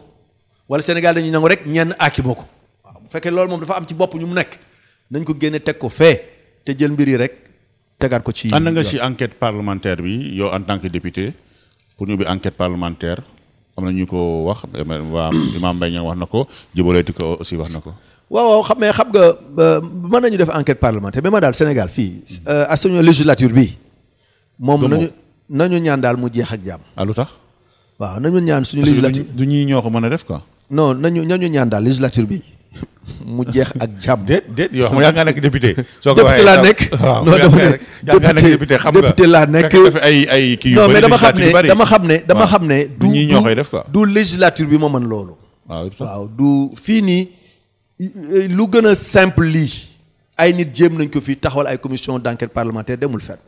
wala Sénégal dañuy nangu rek ñenn aaki moo ko waaw bu fekkee loolu moom dafa am ci bopp ñu mu nekk nañ ko génne teg ko fee te jël mbir yi rek tegaat ko ci. ànd nga ci enquête parlementaire bi yow en tant que député pour ñu bi enquête am na ñu ko wax waa Imam Mbaye Niang wax na ko jubaleeti ko aussi wax na ko. waaw waaw xam mais xam nga mën nañu def enquête parlementaire mais ma daal Sénégal fii. Euh, à suñu législature bi moom nañu nañu ñaan daal mu jeex ak jàmm. ah lu tax. waaw nañu ñaan suñu. législature du ñuy ñoo ko mën a def quoi. no nañu nañu ñaan daal législature bi mu jeex ak jàmm. déet déet yoo xam yaa ngaa nekk député. soo ko waxee laa nekk waaw non dama xam nga député ay ay kii yu bëri non mais dama xam ne dama xam ne dama xam ne. du ñuy ñoo koy def quoi du législature bi moo mën loolu. waaw waaw du fii nii lu gën a simple lii ay nit jéem nañ ko fii taxawal ay commission d'enquête parlementaire demul fenn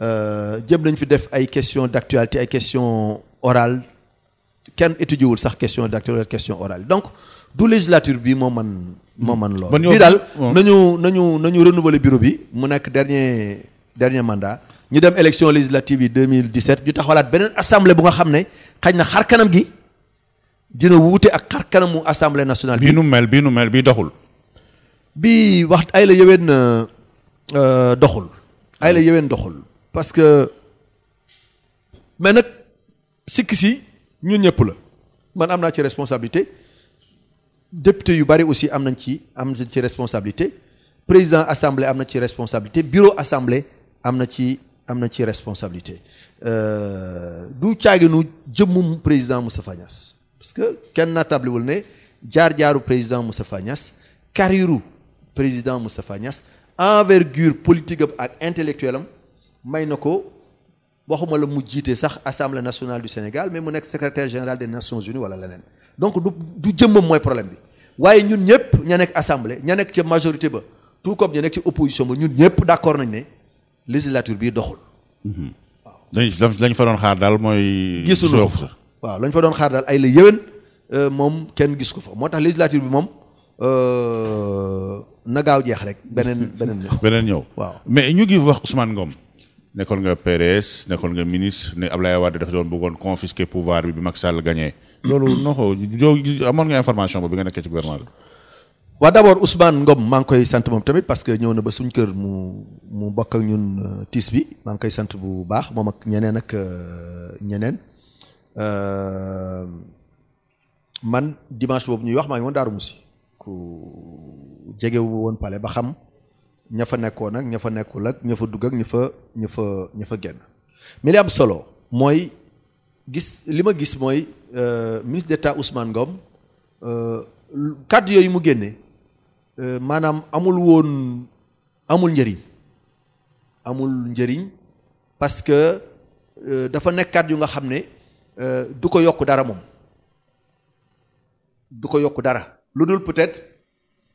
Euh, jëm nañu fi def ay questions d'actualité ay questions orales kenn étudier wul sax question d'actualité question orale donc du législature bi moo man moo man loolu bii daal nañu nañu nañu renouveler bureau bi mu nekk dernier dernier mandat ñu dem élection législative yi 2017 ñu taxawalaat beneen assemblée bu nga xam ne xëy na xar kanam gi dina wuute ak xar kanamu assemblée nationale bi. bii nu mel bi nu mel bi doxul. bii wax ay la yëween euh, doxul. ay la yëween doxul. parce que mais nag sikk si ñun ñëpp la man am naa ci responsabilité député yu bari aussi am nañ ci am nañ ci responsabilité président assemblée am na ci responsabilité bureau assemblée am na ci am na ci responsabilité euh, du caaginu jëmmum président Moustapha Niass parce que kenn naa tablewul ne jaar-jaaru président Moustapha Niass carrière président Moustapha Niass envergure politique am ak intellectuelle may na ko waxuma la mu jiite sax assemblée nationale du Sénégal mais mu nekk secretaire général de Nations Unies wala leneen donc du du jëmmam mooy problème bi waaye ñun ñëpp ña nekk assemble ña nekk ca majorité ba tout comme ña nekk ci opposition ba ñun ñëpp d' accord nañ ne législature bii doxul. waaw mhm. lañ fa doon xaar daal mooy. gisuñu fa waaw lañ fa doon xaar daal ay la yéwén euh, moom kenn gis ko fa moo tax législature bi moom. Euh, na gaaw jeex rek beneen beneen ñëw. beneen ñëw waaw mais ñu ngi wax Ousmane Ngom. nekkoon nga PDS nekkoon nga ministre ne Ablaye Wade dafa doon bëggoon confisquer pouvoir bi bi Macky Sall loolu non xaw amoon nga information boobu bi nga nekkee ci gouvernement bi. waaw d'abord Ousmane Ngom maa ngi koy sant moom tamit parce que ñëw na ba suñ kër mu mu bokk ak ñun euh, tiis bi maa ngi koy sant bu baax moom ak ñeneen ak euh, ñeneen euh, man dimanche boobu ñuy wax maa ngi woon Daaru Musi ku jegewu woon pale ba xam ña fa nekkoon ak ña fa nekkul ak ña fa dugg ak ña fa ña fa ña fa génn mais li am solo mooy gis li ma gis mooy euh, ministre d'État Ousmane Ngom euh, kàddu yooyu mu génne euh, maanaam amul woon amul njëriñ amul njëriñ parce que dafa nekk kàddu yu nga xam ne du ko yokk dara moom du ko yokk dara lu dul peut-être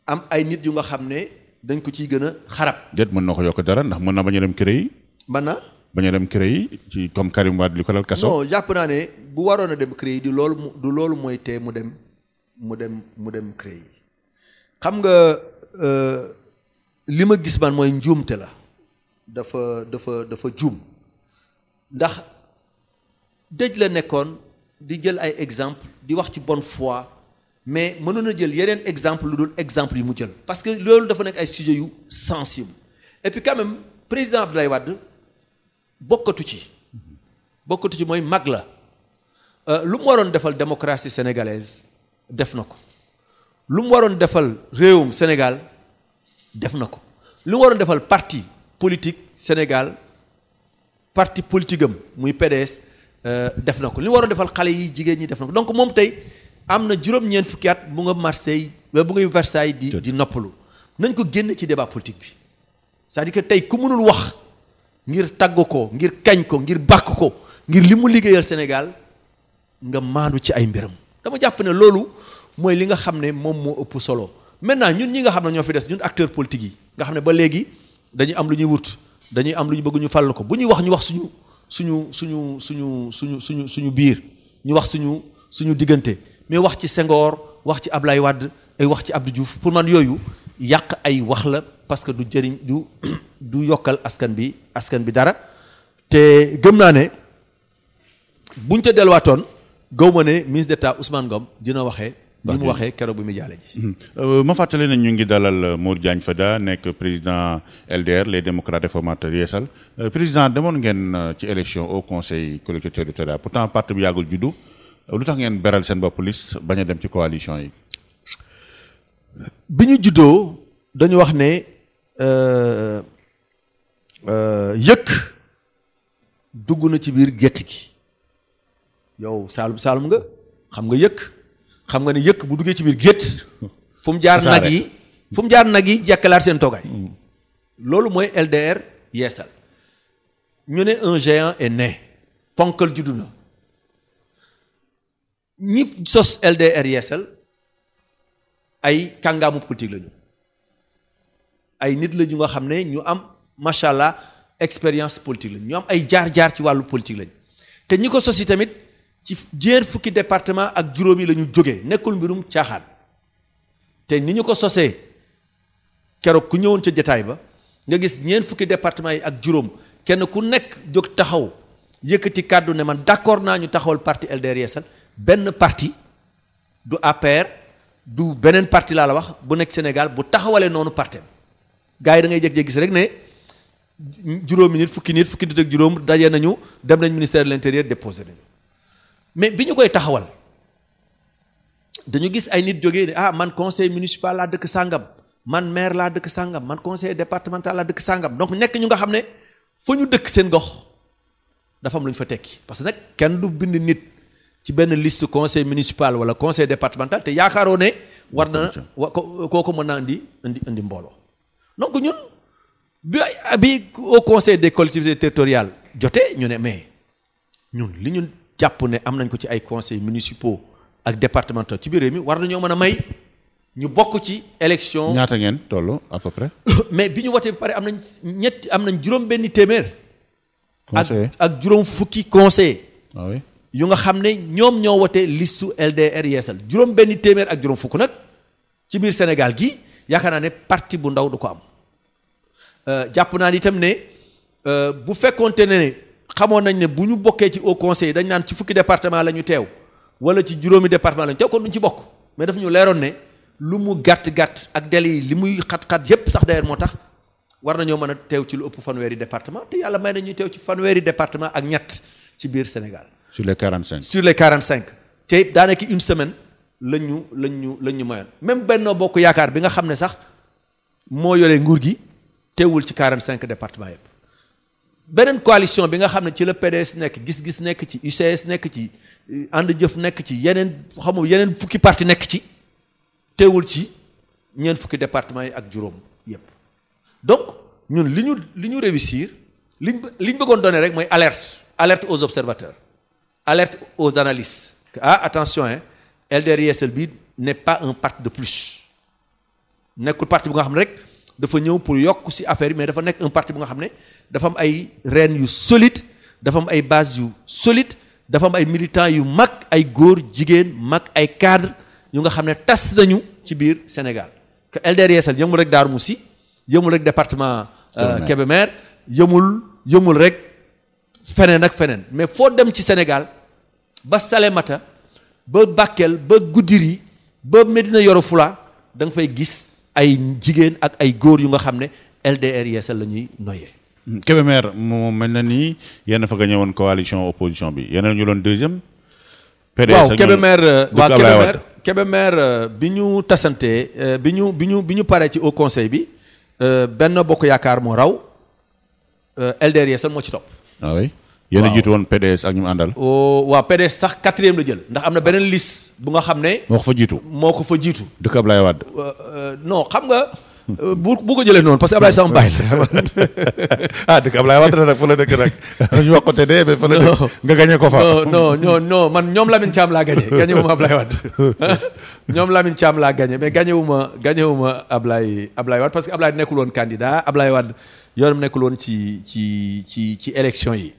am ay nit yu nga xam ne dañ ko ciy gën a xarab. déet mën na ko yokk dara ndax mën na bañ a dem kër yi. mën na. bañ dem kër yi ci comme Karim Wade li ko lal kaso. jàpp naa ne bu waroon a dem kër yi du loolu mooy tee mu dem mu dem mu dem kër xam nga euh, li ma gis man mooy njuumte la dafa dafa dafa juum ndax dëj la nekkoon di jël ay exemple di wax ci bonne fois mais mënoon a jël yeneen exemple lu dul exemple yi mu jël parce que loolu dafa nekk ay sujets yu sensible et puis quand même président Abdoulaye Wade bokkatu ci bokkatu ci mooy mag la euh, lu mu waroon defal démocratie sénégalaise def na ko lu mu waroon defal réewum Sénégal def na ko lu mu waroon defal parti politique Sénégal parti politique am muy PDS euh, def na ko li mu waroon defal xale yi jigéen ñi def na ko donc moom tey am na juróom-ñeent fukki at bu nga Marseille bu euh, ngay Versailles di di noppalu nañ ko génn ci débat politique bi c'est-à-dire que tey ku mënul wax ngir tagg ko ngir kañ ko ngir bàkk ko ngir li mu liggéeyal Sénégal nga maandu ci ay mbiram dama jàpp ne loolu mooy li nga xam ne moom moo ëpp solo maintenant ñun ñi nga xam ne ñoo fi des ñun acteurs politiques yi nga xam ne ba léegi dañuy am lu ñuy wut dañuy am lu ñu bëgg ñu fàll ko bu ñuy wax ñu wax suñu suñu suñu suñu suñu suñu suñu biir ñu wax suñu suñu diggante mais wax ci sengoor wax ci Ablaye Wade ay wax ci Abdou Diouf pour man yooyu yàq ay wax la parce que du jëriñ du du yokkal askan bi askan bi dara te gëm naa ne buñ te delluwaatoon gaw ma ne ministre d'État Ousmane Ngom dina waxee ni mu waxee keroog bi mu jaale ji mhm. euh, ma fàttali na ñu ngi dalal euh, Mor Diagne Fada nekk président LDR les démocrates réformateurs yeesal euh, président demoon ngeen ci élection au conseil collectif territorial pourtant parti bi yàggul juddu lu tax ngeen beral seen bopp liste bañ a dem ci coalition yi. bi ñu juddoo dañu wax ne euh, euh, yëkk dugg na ci biir gétt gi yow Saalum Saalum nga xam nga yëkk xam nga ne yëkk bu duggee ci biir gétt fu mu jaar nag yi nag yi jàkkalaat seen toogaay mm. loolu mooy LDR yeesal ñu ne un géant est né ponkal juddu na ñi sos LDR Yeesal ay kàngaamu politique lañu ay nit lañu ñu nga xam ne ñu am macha allah expérience politique lañu ñu am ay jaar-jaar ci wàllu politique lañu te ñi ko sos yi tamit ci jéer fukki département ak juróom yi la ñu jógee nekkul mbirum caaxaan te ni ñu ko sosee keroog ku ñëwoon ca jataay ba nga gis ñeent fukki département yi ak juróom kenn ku nekk jóg taxaw yëkkati kàddu ne man d'accord naa ñu taxawal parti LDR Yeesal benn parti du APR du beneen parti laa la wax bu nekk Sénégal bu taxawalee noonu partem gars yi da ngay jékki-jékki gis rek ne juróomi nit fukki nit fukki nit ak juróom daje nañu dem nañ ministère de l'intérieur déposé nañu mais bi ñu koy taxawal dañu gis ay nit jóge ne ah man conseil municipal laa dëkk sàngam man maire laa dëkk sàngam man conseil départemental laa dëkk sàngam donc nekk ñu nga xam ne fu ñu dëkk seen gox dafa am lu fa tekki parce que nag bind nit ci benn liste conseil municipal wala conseil départemental te yaakaaroo ne war na wa koo ko mën naa indi indi indi mbooloo donc ñun bi bi au conseil des collectivités territoriales jotee ñu ne mais ñun li ñu jàpp ne am nañ ko ci ay conseils municipaux ak départementaux ci biir mi war nañoo mën a may ñu bokk ci élection ñaata ngeen toll à mais bi ñu watee ba pare am nañ ñetti am nañ juróom benni téeméer. ak ak juróom fukki conseil ah yu nga xam ne ñoom ñoo wote listu LDR yeesal juróom benn téeméer ak juróom fukk nag ci biir Sénégal gi yaakaar naa ne parti bu ndaw du ko am euh, jàpp naa ni itam ne euh, bu fekkoonte ne xamoon nañ ne bu ñu bokkee ci au conseil dañ naan ci fukki département la ñu teew wala ci juróomi département la ñu teew kon duñ ci bokk mais daf ñu leeroon ne lu mu gàtt gàtt ak délai yi li muy xat-xat yépp sax d'ailleurs moo tax war na ñoo mën a teew ci lu ëpp fanweeri département te yàlla na ñuy teew ci fanweeri département ak ñett ci biir Sénégal. sur les 45. sur les 45 te daanaka une semaine lañ ñu lañ ñu lañ ñu mayoon même Benno Bokk Yaakaar bi nga xam ne sax moo yore nguur gi teewul ci cinq département yëpp beneen coalition bi nga xam ne ci la PDS nekk gis-gis nekk ci UCS nekk ci euh, ànd jëf nekk ci yeneen xamu yeneen fukki parti nekk ci teewul ci ñeent fukki département yi ak juróom yëpp donc ñun li ñu li ñu réussir li ñu bëggoon donné rek mooy alerte alerte aux observateurs alerte aux analystes ah attention hein LDR bi n'est pas un de plus nekkul parti bu nga xam ne rek dafa ñëw pour yokk ci affaire yi mais dafa nekk un parti bu nga xam ne dafa am ay reine yu solide dafa am ay base yu solide dafa am ay militants yu mag ay góor jigéen mag ay cadre yu nga xam ne tas nañu ci biir Sénégal que LDR Yeesal yëmul rek daar Moussi yëmul rek département euh, Kébémer yëmul yëmul rek feneen ak feneen mais foo dem ci Sénégal ba Salemata ba Bakel ba Goudiri ba Medina Yoro Fula danga fay gis ay jigéen ak ay góor yu nga xam ne LDR Yeesal la ñuy noyee. Hmm, Kébémer moom mel na ni yéen fa gañe woon coalition opposition bi yeneen ñu loon deuxième. PDS waaw Kébémer euh, waaw Kébémer Kébémer euh, bi ñu tasantee euh, bi ñu bi ñu bi ñu paree ci au conseil bi Benno Bokk Yaakaar moo raw LDR Yeesal moo ci topp. Ah yéen a jiitu woon PDS ak ñu mu àndal. Oh, waaw PDS sax quatrième la jël ndax am na beneen liste bu nga xam ne. moo ko fa jiitu moo ko fa jiitu. dëkk Ablaye Wade. Euh, euh, no xam nga. Euh, bu bu ko jëlee noonu parce que Ablaye sama baay la. ah dëkk Ablaye Wade nag fa la dëkk nga gagné ko fa. non man ñoom Lamine Thiam laa gagné gagné wu ma Ablaye ñoom Lamine Thiam laa gagné mais gagné wu ma gagné ma Ablaye Ablaye parce que Ablaye nekkul woon candidat Ablaye Wade yoonam nekkul woon ci ci ci ci élection yi.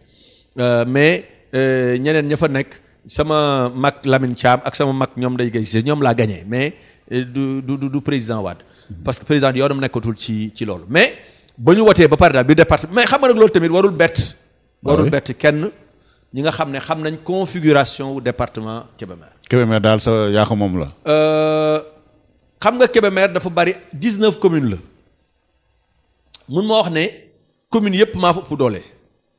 Euh, mais euh, ñeneen ña fa nekk sama mag Lamine Thiam ak sama mag ñoom day gay si ñoom laa gagné mais euh, du du du président waat mhm. parce que président ma nekkatul ci ci loolu mais ba ñu wotee ba pare daal bi département mais xam nga nag loolu tamit warul bett. Ah warul bett kenn ñi nga xam ne xam nañ configuration wu département Kébémer. Kébémer daal sa yaa moom la. xam nga Kébémer dafa bari dix neuf commune la mun ma wax ne communes yëpp maa fa ëpp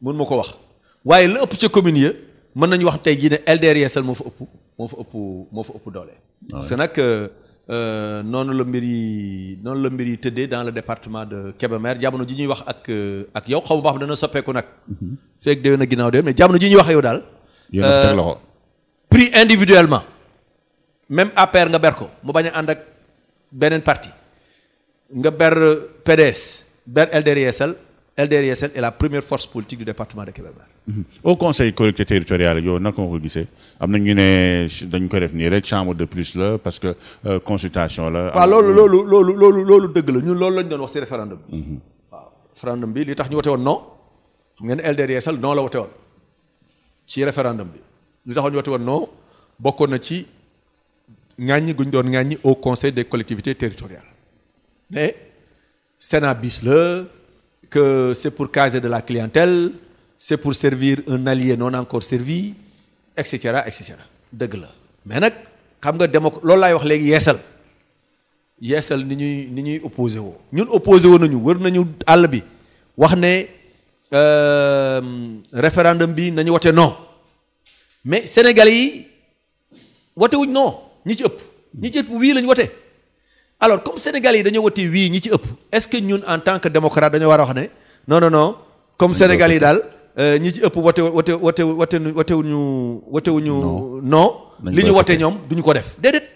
mun ma ko wax. waaye la ëpp ca commune ya mën nañu wax tey jii ne LDR Yeesal moo fa ëpp moo fa ëpp moo ëpp doole. parce ah que nag euh, euh, noonu la mbir yi noonu la mbir yi tëddee dans le département de Kébémer jamono ji ñuy wax ak euh, ak yow xaw ma xam dana soppeeku nag. Mm-hmm. feeg déwén a ginnaaw déwén mais jamono ji ñuy wax yow daal. pris individuellement même APR nga ber ko mu bañ a ànd ak beneen partie nga ber PDS ber LDR LDRSN est la première force politique du département de Kébémer. Mm-hmm. au conseil collectivité territoriale yow naka ko gisee am na ñu ne dañ ko def nii rek chambre de plus la parce que euh, consultation la. waaw loolu loolu loolu loolu loolu dëgg la ñun loolu lañ doon wax ci référendum bi. Mm-hmm. waaw li tax ñu wote woon non xam ngeen LDRSL non la wote woon ci référendum bi li tax ñu wote woon non bokkoon na ci ŋàññi guñ doon ŋàññi au conseil des collectivités territoriales mais Sénat bis que c'est pour caser de la clientèle c'est pour servir un allié non encore servi et cetera et cetera dëgg la mais nag xam nga démo loolu laay wax léegi yeesal yeesal ni ñuy ni ñuy opposé woo ñun opposé woo nañu wër nañu àll bi wax ne euh, référendum bi nañu wote non mais sénégal yi wote wuñ non ñi ci ëpp ñi ci ëpp wii lañu wote alors comme Sénégalais yi dañoo wote wii ñi ci ëpp est-ce que ñun en tant que démocrate dañoo war a wax ne non non comme Sénégalais yi daal euh, ñi ci ëpp wote wote wote wote wotewuñu wotewuñu non li ñu wote ñoom duñu ko def déedéet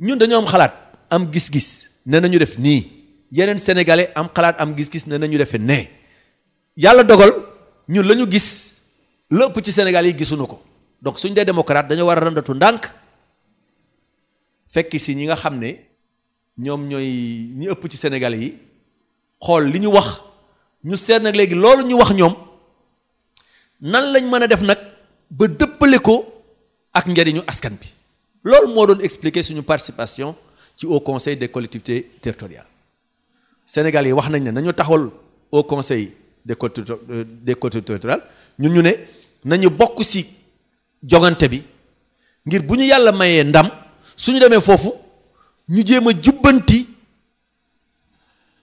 ñun dañoo xalaat am gis-gis ne nañu def nii yeneen sénégalais am xalaat am gis-gis ne nañu defee ne yàlla dogal ñun la ñu gis lépp ci Sénégal yi gisuñu ko donc suñ dee démocrate dañoo war a randatu ndànk fekk si ñi nga xam ne ñoom ñooy ñu ëpp ci Sénégalais yi xool li ñu wax ñu seet nag léegi loolu ñu wax ñoom nan lañ mën a def nag ba dëppale ko ak njariñu askan bi loolu moo doon expliquer suñu participation ci au conseil des collectivités territoriales Sénégal yi wax nañ ne nañu taxawal au conseil des euh, des collectivités territoriales ñun ñu ne nañu bokk ci jogante bi ngir bu ñu yàlla mayee ndam suñu demee foofu ñu jéem a jubbanti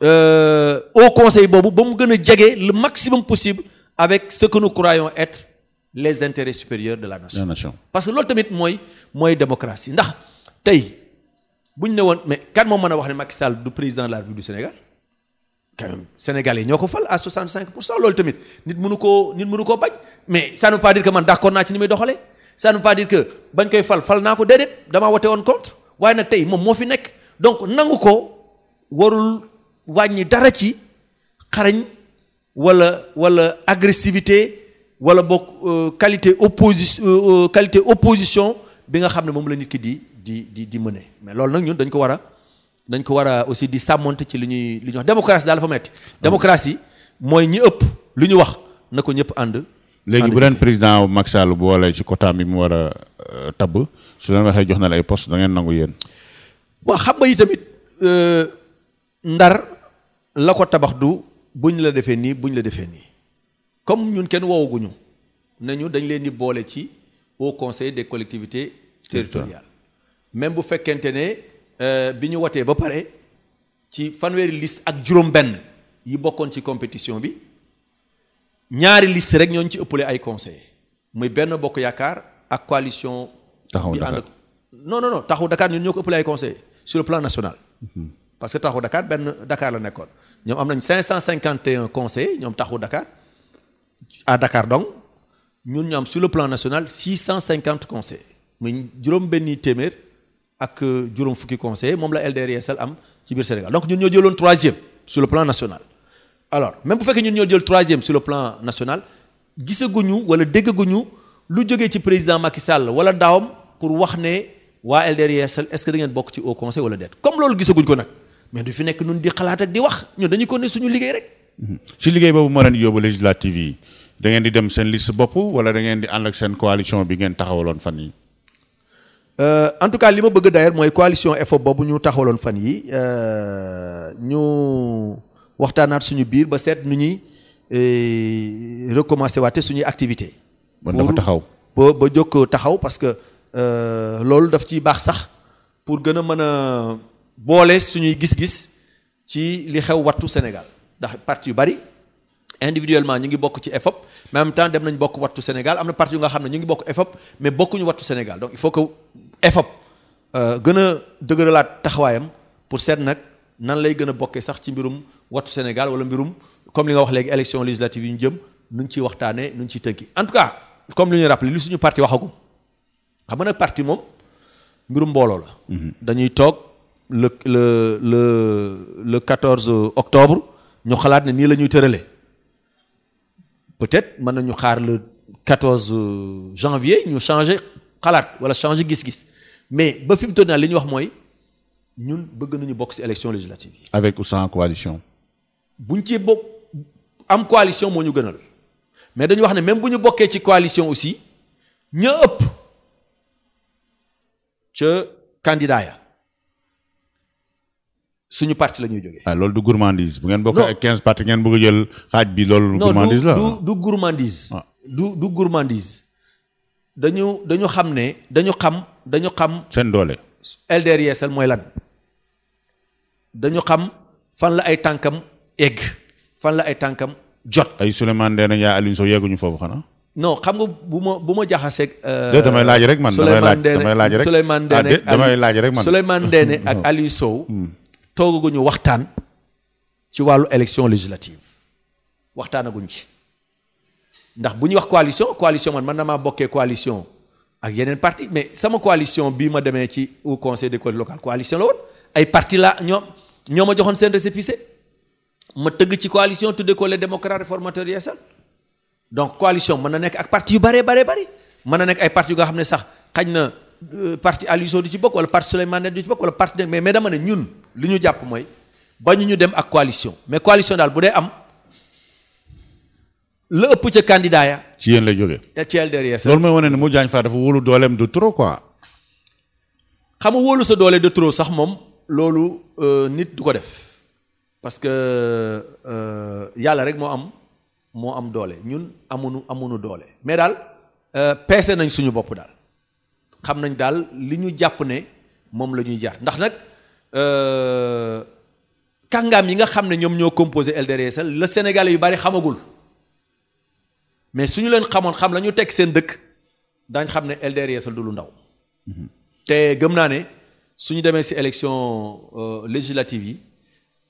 euh, au conseil boobu ba mu gën a jege le maximum possible avec ce que nous croyons être les intérêts supérieurs de la nation. nation. que loolu tamit mooy mooy démocratie ndax tey bu ñu ne woon mais moo mën a wax ne Macky Sall du président de la République du Sénégal quand ñoo ko fal à 65 pour cent loolu tamit nit mënu koo nit mënu koo bañ mais ça ne veut pas dire naa ci ni muy doxalee ça ne veut pas bañ koy fal fal naa ko déedéet damaa wote woon contre. waaye nag tey moom moo fi nekk donc nangu ko warul wàññi dara ci xarañ wala wala agressivité wala boog euh, qualité opposition euh, euh, qualité opposition bi nga xam ne moom la nit ki di di di di mëne mais loolu nag ñun dañ ko war a dañ ko war a aussi di sàmmonte ci li ñuy li ñuy wax démocratie daal dafa metti démocratie mooy ñi ëpp lu ñu wax na ko ñëpp ànd léegi bu leen président Macky Sall boole ci quota bi mu war a tabb su leen waxee jox na la ay poste da ngeen nangu yéen. waaw xam nga yi tamit euh, ndar la ko tabax du buñ la defee nii buñ la defee nii comme ñun kenn woowaguñu ñu dañ leen di boole ci au conseil des collectivités territoriales même bu fekkente ne euh, bi ñu watee ba pare ci fanweeri liste ak juróom-benn yi bokkoon ci compétition bi ñaari liste rek ñu ci ëppale ay conseil muy benn bokk yaakaar ak coalition. taxaw Dakar non non non taxawu Dakar ñun ñoo ko ëppale ay conseillers sur le plan national. Mhm. parce que taxawu Dakar benn Dakar la nekkoon ñoom am nañ on conseillers ñoom taxaw Dakar à Dakar donc ñun ñu am le plan national 650 conseillers muy juróom benni téeméer ak euh, juróom fukki conseillers moom la LDRSL am ci biir Sénégal donc ñun ñoo jëloon troisième sur le plan national. alors même bu fekkee ñun ñoo jël troisième sur le plan national gisaguñu wala déggaguñu lu jógee ci président Macky Sall wala daawam. pour wax ne waa LDR Yeesal est-ce que da ngeen bokk ci au conseil wala déet comme loolu gisaguñ ko nag mais du fi nekk nun di xalaat ak di wax ñun dañu ko ne suñu liggéey rek. Mhm. ci liggéey boobu moo leen yóbbu législative yi da ngeen di dem seen liste bopp wala da ngeen di ànd ak seen coalition bi ngeen taxawaloon fan yi euh, en tout cas li ma bëgg d'ailleurs mooy coalition effort boobu ñu taxawaloon fan yi euh, ñu waxtaanaat suñu biir ba seet nu ñuy euh, recommencer waate suñuy activité. Euh, loolu daf ciy baax sax pour gën a mën a boole suñuy gis-gis ci li xew wattu Sénégal ndax parti yu bari individuellement ñu ngi bokk ci EFOP mais en même nañ bokk wattu Sénégal am na parti yu nga xam ne ñu ngi bokk EFOP mais bokkuñu wattu Sénégal donc il faut que EFOP euh, gën a dëgëralaat taxawaayam pour seet nag nan lay gën a bokkee sax ci mbirum wattu Sénégal wala mbirum comme li nga wax léegi élection législative yi ñu jëm nu ñu ciy waxtaanee nu ñu ciy tënki en tout cas comme li ñu rappelé li suñu parti waxagum. xam nga nag parti moom mbirum mbooloo la. Mhm. dañuy toog le le le le quatorze octobre ñu xalaat ne nii la ñuy tëralee peut-être mën nañu xaar le quatorze janvier ñu changer xalaat walla changer gis-gis mais ba fi mu toll naa li ñuy wax mooy ñun bëgg nañu bokk si élection législative yi. avec ou sans coalition. buñ ci bokk am coalition moo ñu gënal mais dañu wax ne même bu ñu bokkee ci coalition aussi ña ëpp. ca kandidaa ya suñu parti la ñuy jógee. ah loolu du gourmandise. bu ngeen bokk ay 15 parti ngeen bëgg a jël xaaj bi loolu. gourmandise la du du gourmandise. Ah. du du gourmandise. dañu dañu xam ne dañu xam dañu xam. seen doole. LDR Yeesal mooy lan. dañu xam fan la ay tànkam egg fan la ay tànkam jot. ay Souleymane Ndéné Ndiaye Aliou Sow yegguñu foofu xanaa. non xam nga bu ma bu ma jaxaseeg. Euh, damay laaj rek man damay laaj rek Souleymane ah, Ndéné damay laaj rek man Souleymane Ndéné ak Aliou Sow. Hmm. toogaguñu waxtaan ci wàllu élection législative waxtaanaguñ ci ndax bu ñuy wax coalition coalition man man na maa bokkee coalition ak yeneen parti mais sama coalition bi ma demee ci au conseil de collectivités locales coalition la woon ay parti la ñoom ñoo ma joxoon seen récépissé ma tëgg ci coalition tudde de les démocrates réformateurs yeesal donc coalition mën na nekk ak parti yu bare bare bëri mën na nekk ay parti yu nga xam ne sax xañ na euh, parti Aliou Sow du ci bokk wala parti Souleymane du ci bokk wala parti mais mais dama ne ñun li ñu jàpp mooy ba ñu ñu dem ak coalition mais coalition daal bu dee am la ëpp ca candidat ya. ci yéen lay jógee. ci yéen derrière loolu mooy wane ne mu jaañ faa dafa wóolu dooleem de trop quoi. xam nga wóolu sa doole de trop sax moom loolu euh, nit du ko def que euh, yàlla rek moo am. moo am doole ñun amunu amunu doole mais daal euh, peese nañ suñu bopp daal xam nañ daal li ñu jàpp ne moom la ñuy jaar ndax nag euh, kàngaam yi nga xam ne ñoom ñoo composé LDRSL le Sénégalais yu bari xamagul mais suñu leen xamoon xam la ñu teg seen dëkk daañ xam ne LDRSL du lu ndaw mhm. te gëm naa ne suñu demee si élection euh, législative yi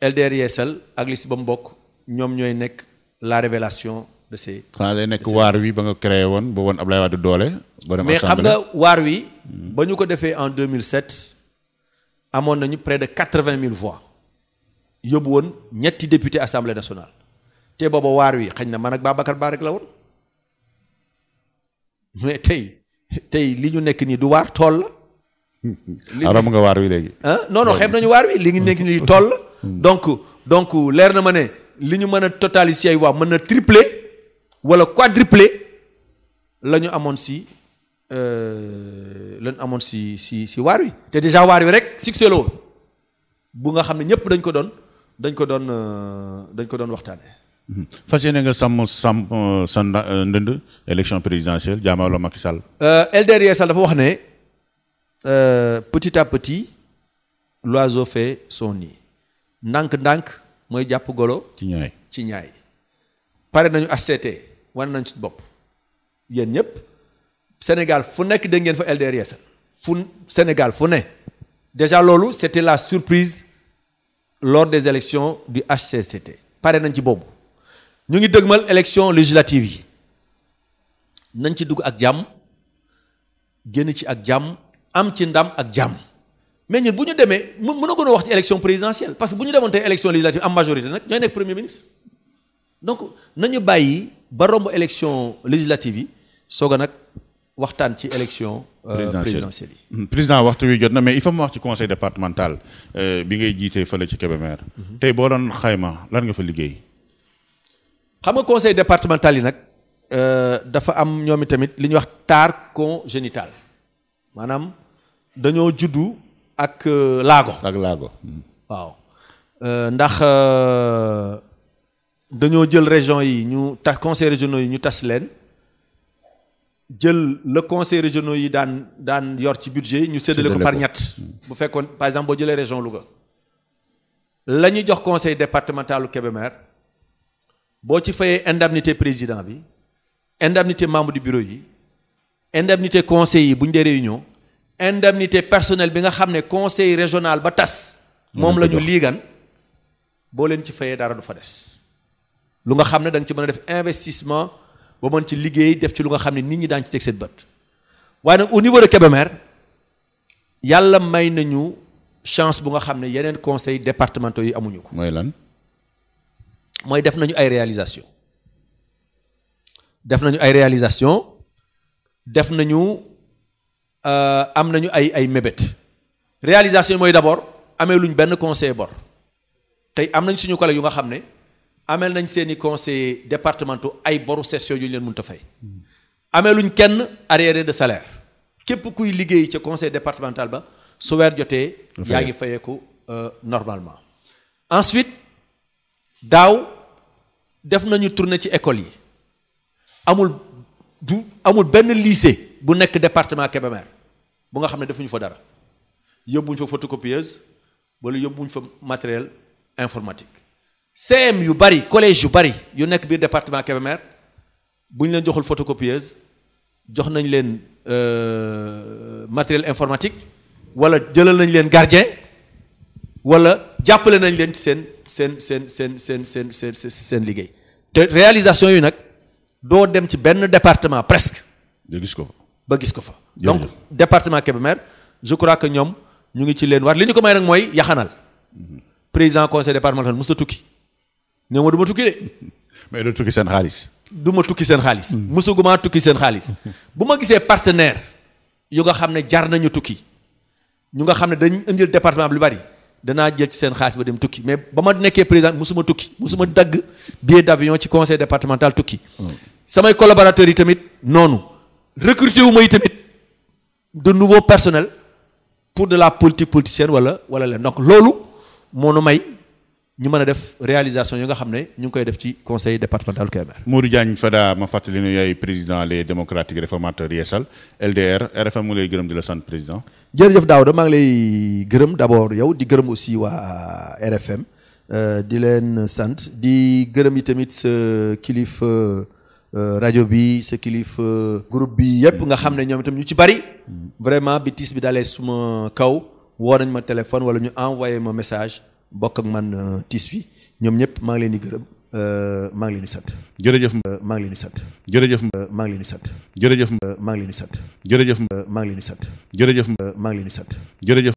LDRSL ak li ci ba mu bokk ñoom ñooy nekk la révélation de ces. xanaa day nekk waar wi ba nga créé woon ba woon Ablaye Wade doole. ba dem mais xam nga waar wi. Hmm. ba ñu ko defee en 2007 amoon nañu près de vingt mille voix yóbbu woon ñetti député assemblée nationale te booba waar wi xañ na man ak Babacar Ba rek la woon tey tey li ñu nekk nii du waar tool la. li nga waar wi léegi. non non xeeb nañu waar wi li ngi nekk nii tool hmm. donc donc leer na ma ne. li ñu mën a totaliser waa ay voix mën na tripler wala quadrupler la ñu amoon si euh, la ñu amoon si si si waar wi te déjà waar wi rek succès la bu nga xam ne ñëpp dañ ko doon dañ ko doon euh, dañ ko doon waxtaanee. Mhm. fas yéene nga sam sàmm euh, sa ndënd élection présidentielle jaamaaloo Macky Sall. LDR Yeesal dafa wax ne petit à petit l'oiseau fait son nid ndànk-ndànk. mooy jàpp golo. ci ñaay ci ñaay. pare nañu HCT wane nañ ci bopp yéen ñëpp Sénégal fu nekk dégg ngeen fa LDR Yeesal fu Sénégal fu ne déjà loolu c'était la surprise lors des élections du HCCT pare nañ ci boobu ñu ngi dëgmal élection législative yi nañ ci dugg ak jàmm génn ci ak jàmm am ci ndam ak jàmm. mais ñun bu ñu demee mën mën a gën wax ci élection présidentielle parce que bu ñu demoon tey élection législative am majorité nag ñooy nekk premier ministre donc nañu bàyyi ba romb élection législative yi soog nag waxtaan ci élection euh, présidentielle yi mm, président waxtu wi jot na mais il faut mu wax ci conseil départemental euh, bi ngay jiitee fële ci Kébémer mhm. tey boo doon xayma lan nga fa liggéey xam nga conseil départemental yi nag euh, dafa am ñoom i tamit li ñuy wax taar congénital maanaam dañoo juddu ak euh, laago ak laago waaw euh, ndax euh, dañoo jël région yi ñu tas conseils régionaux yi ñu tas leen jël le conseil régionaux yi daan daan yor ci budget ñu séddale ko par ñett bu fekkoon par exemple boo jëlee région Louga la ñu jox conseil départementalu Kébémer boo ci fayee indemnité président bi indemnité membre di bureau yi indemnité conseil yi bu ñu dee réunion indemnité personnelle bi nga xam ne conseil régional ba tas. moom la ñu liigan boo leen ci fayee dara du fa des. lu nga xam ne danga ci mën a def investissement ba mën ci liggéey def ci lu nga xam ne nit ñi daañu ci teg seen bët waaye nag au niveau de Kébémer yàlla may nañu chance bu nga xam ne yeneen conseils départementaux yi amuñu ko. mooy lan. mooy def nañu ay réalisation def nañu ay réalisation def nañu. Euh, am nañu ay ay mébét réalisation mooy d'abord amee luñ benn conseiller bor tey am nañ suñu collègue yu nga xam ne ameel nañ seeni conseillers départementaux ay boru session yu ñu leen mënta fay amee luñ kenn arriéré de salaire képp kuy liggéey ca conseil départemental ba su weer jotee yaa ngi fayeeku euh, normalement ensuite daaw def nañu tournée ci école yi amul du amul benn lycée bu nekk département Kébémer bu nga xam ne defuñu fa dara yóbbuñ fa photocopieuse wala yóbbuñ fa matériel informatique CM yu bari collège yu bari yu nekk biir département Kébémer bu ñu leen joxul photocopieuse jox nañ leen euh, matériel informatique wala jëlal nañ leen gardien wala jàppale nañ leen ci seen seen seen seen seen seen seen seen liggéey te réalisation yu nag doo dem ci benn département presque. nga gis ko. ba gis ko fa. donc département Kébémer je crois que ñoom ñu ngi ci leen war li ñu ko may nag mooy yaxanal mhm. président conseil départemental mos a tukki ñoom du ma tukki de. mais du tukki seen xaalis. duma tukki seen xaalis. mosaguma mhm. tukki seen xaalis. bu ma gisee partenaire yu nga xam ne jar nañu tukki ñu nga xam ne dañ indil département bi lu bari danaa jël ci seen xaalis ba dem tukki mais ba ma nekkee président mosuma tukki mosuma dagg billet d'avion ci conseil départemental tukki. Oh. samay collaborateurs yi tamit noonu. recruter wu may tamit de nouveau personnel pour de la politique politicienne wala wala leen donc loolu moo nu may ñu mën a def réalisation yi nga xam ne ñu ngi koy def ci conseil départemental Kébémer. Modou Diagne Fada ma fàttali ne yaay président les démocratiques réformateurs Yeesal LDR RFM mu lay gërëm di la sant président. jërëjëf Daouda maa ngi lay gërëm d' abord yow di gërëm aussi waa RFM euh, di leen sant di gërëm yi tamit sa kilifa. Euh, rajo bi sa kilifa groupe bi yëpp nga xam ne ñoom itam ñu ci bari vraiment bi tiis bi dalee suma kaw woo nañ ma téléphone wala ñu envoyé ma message bokk ak man euh, tiis bi ñoom ñëpp maa ngi leen di gërëm euh, maa ngi leen di sant. jërëjëf maa ngi leen di jërëjëf maa ngi leen di sant. jërëjëf maa ngi leen di jërëjëf maa ngi leen di sant. jërëjëf maa ngi leen di jërëjëf.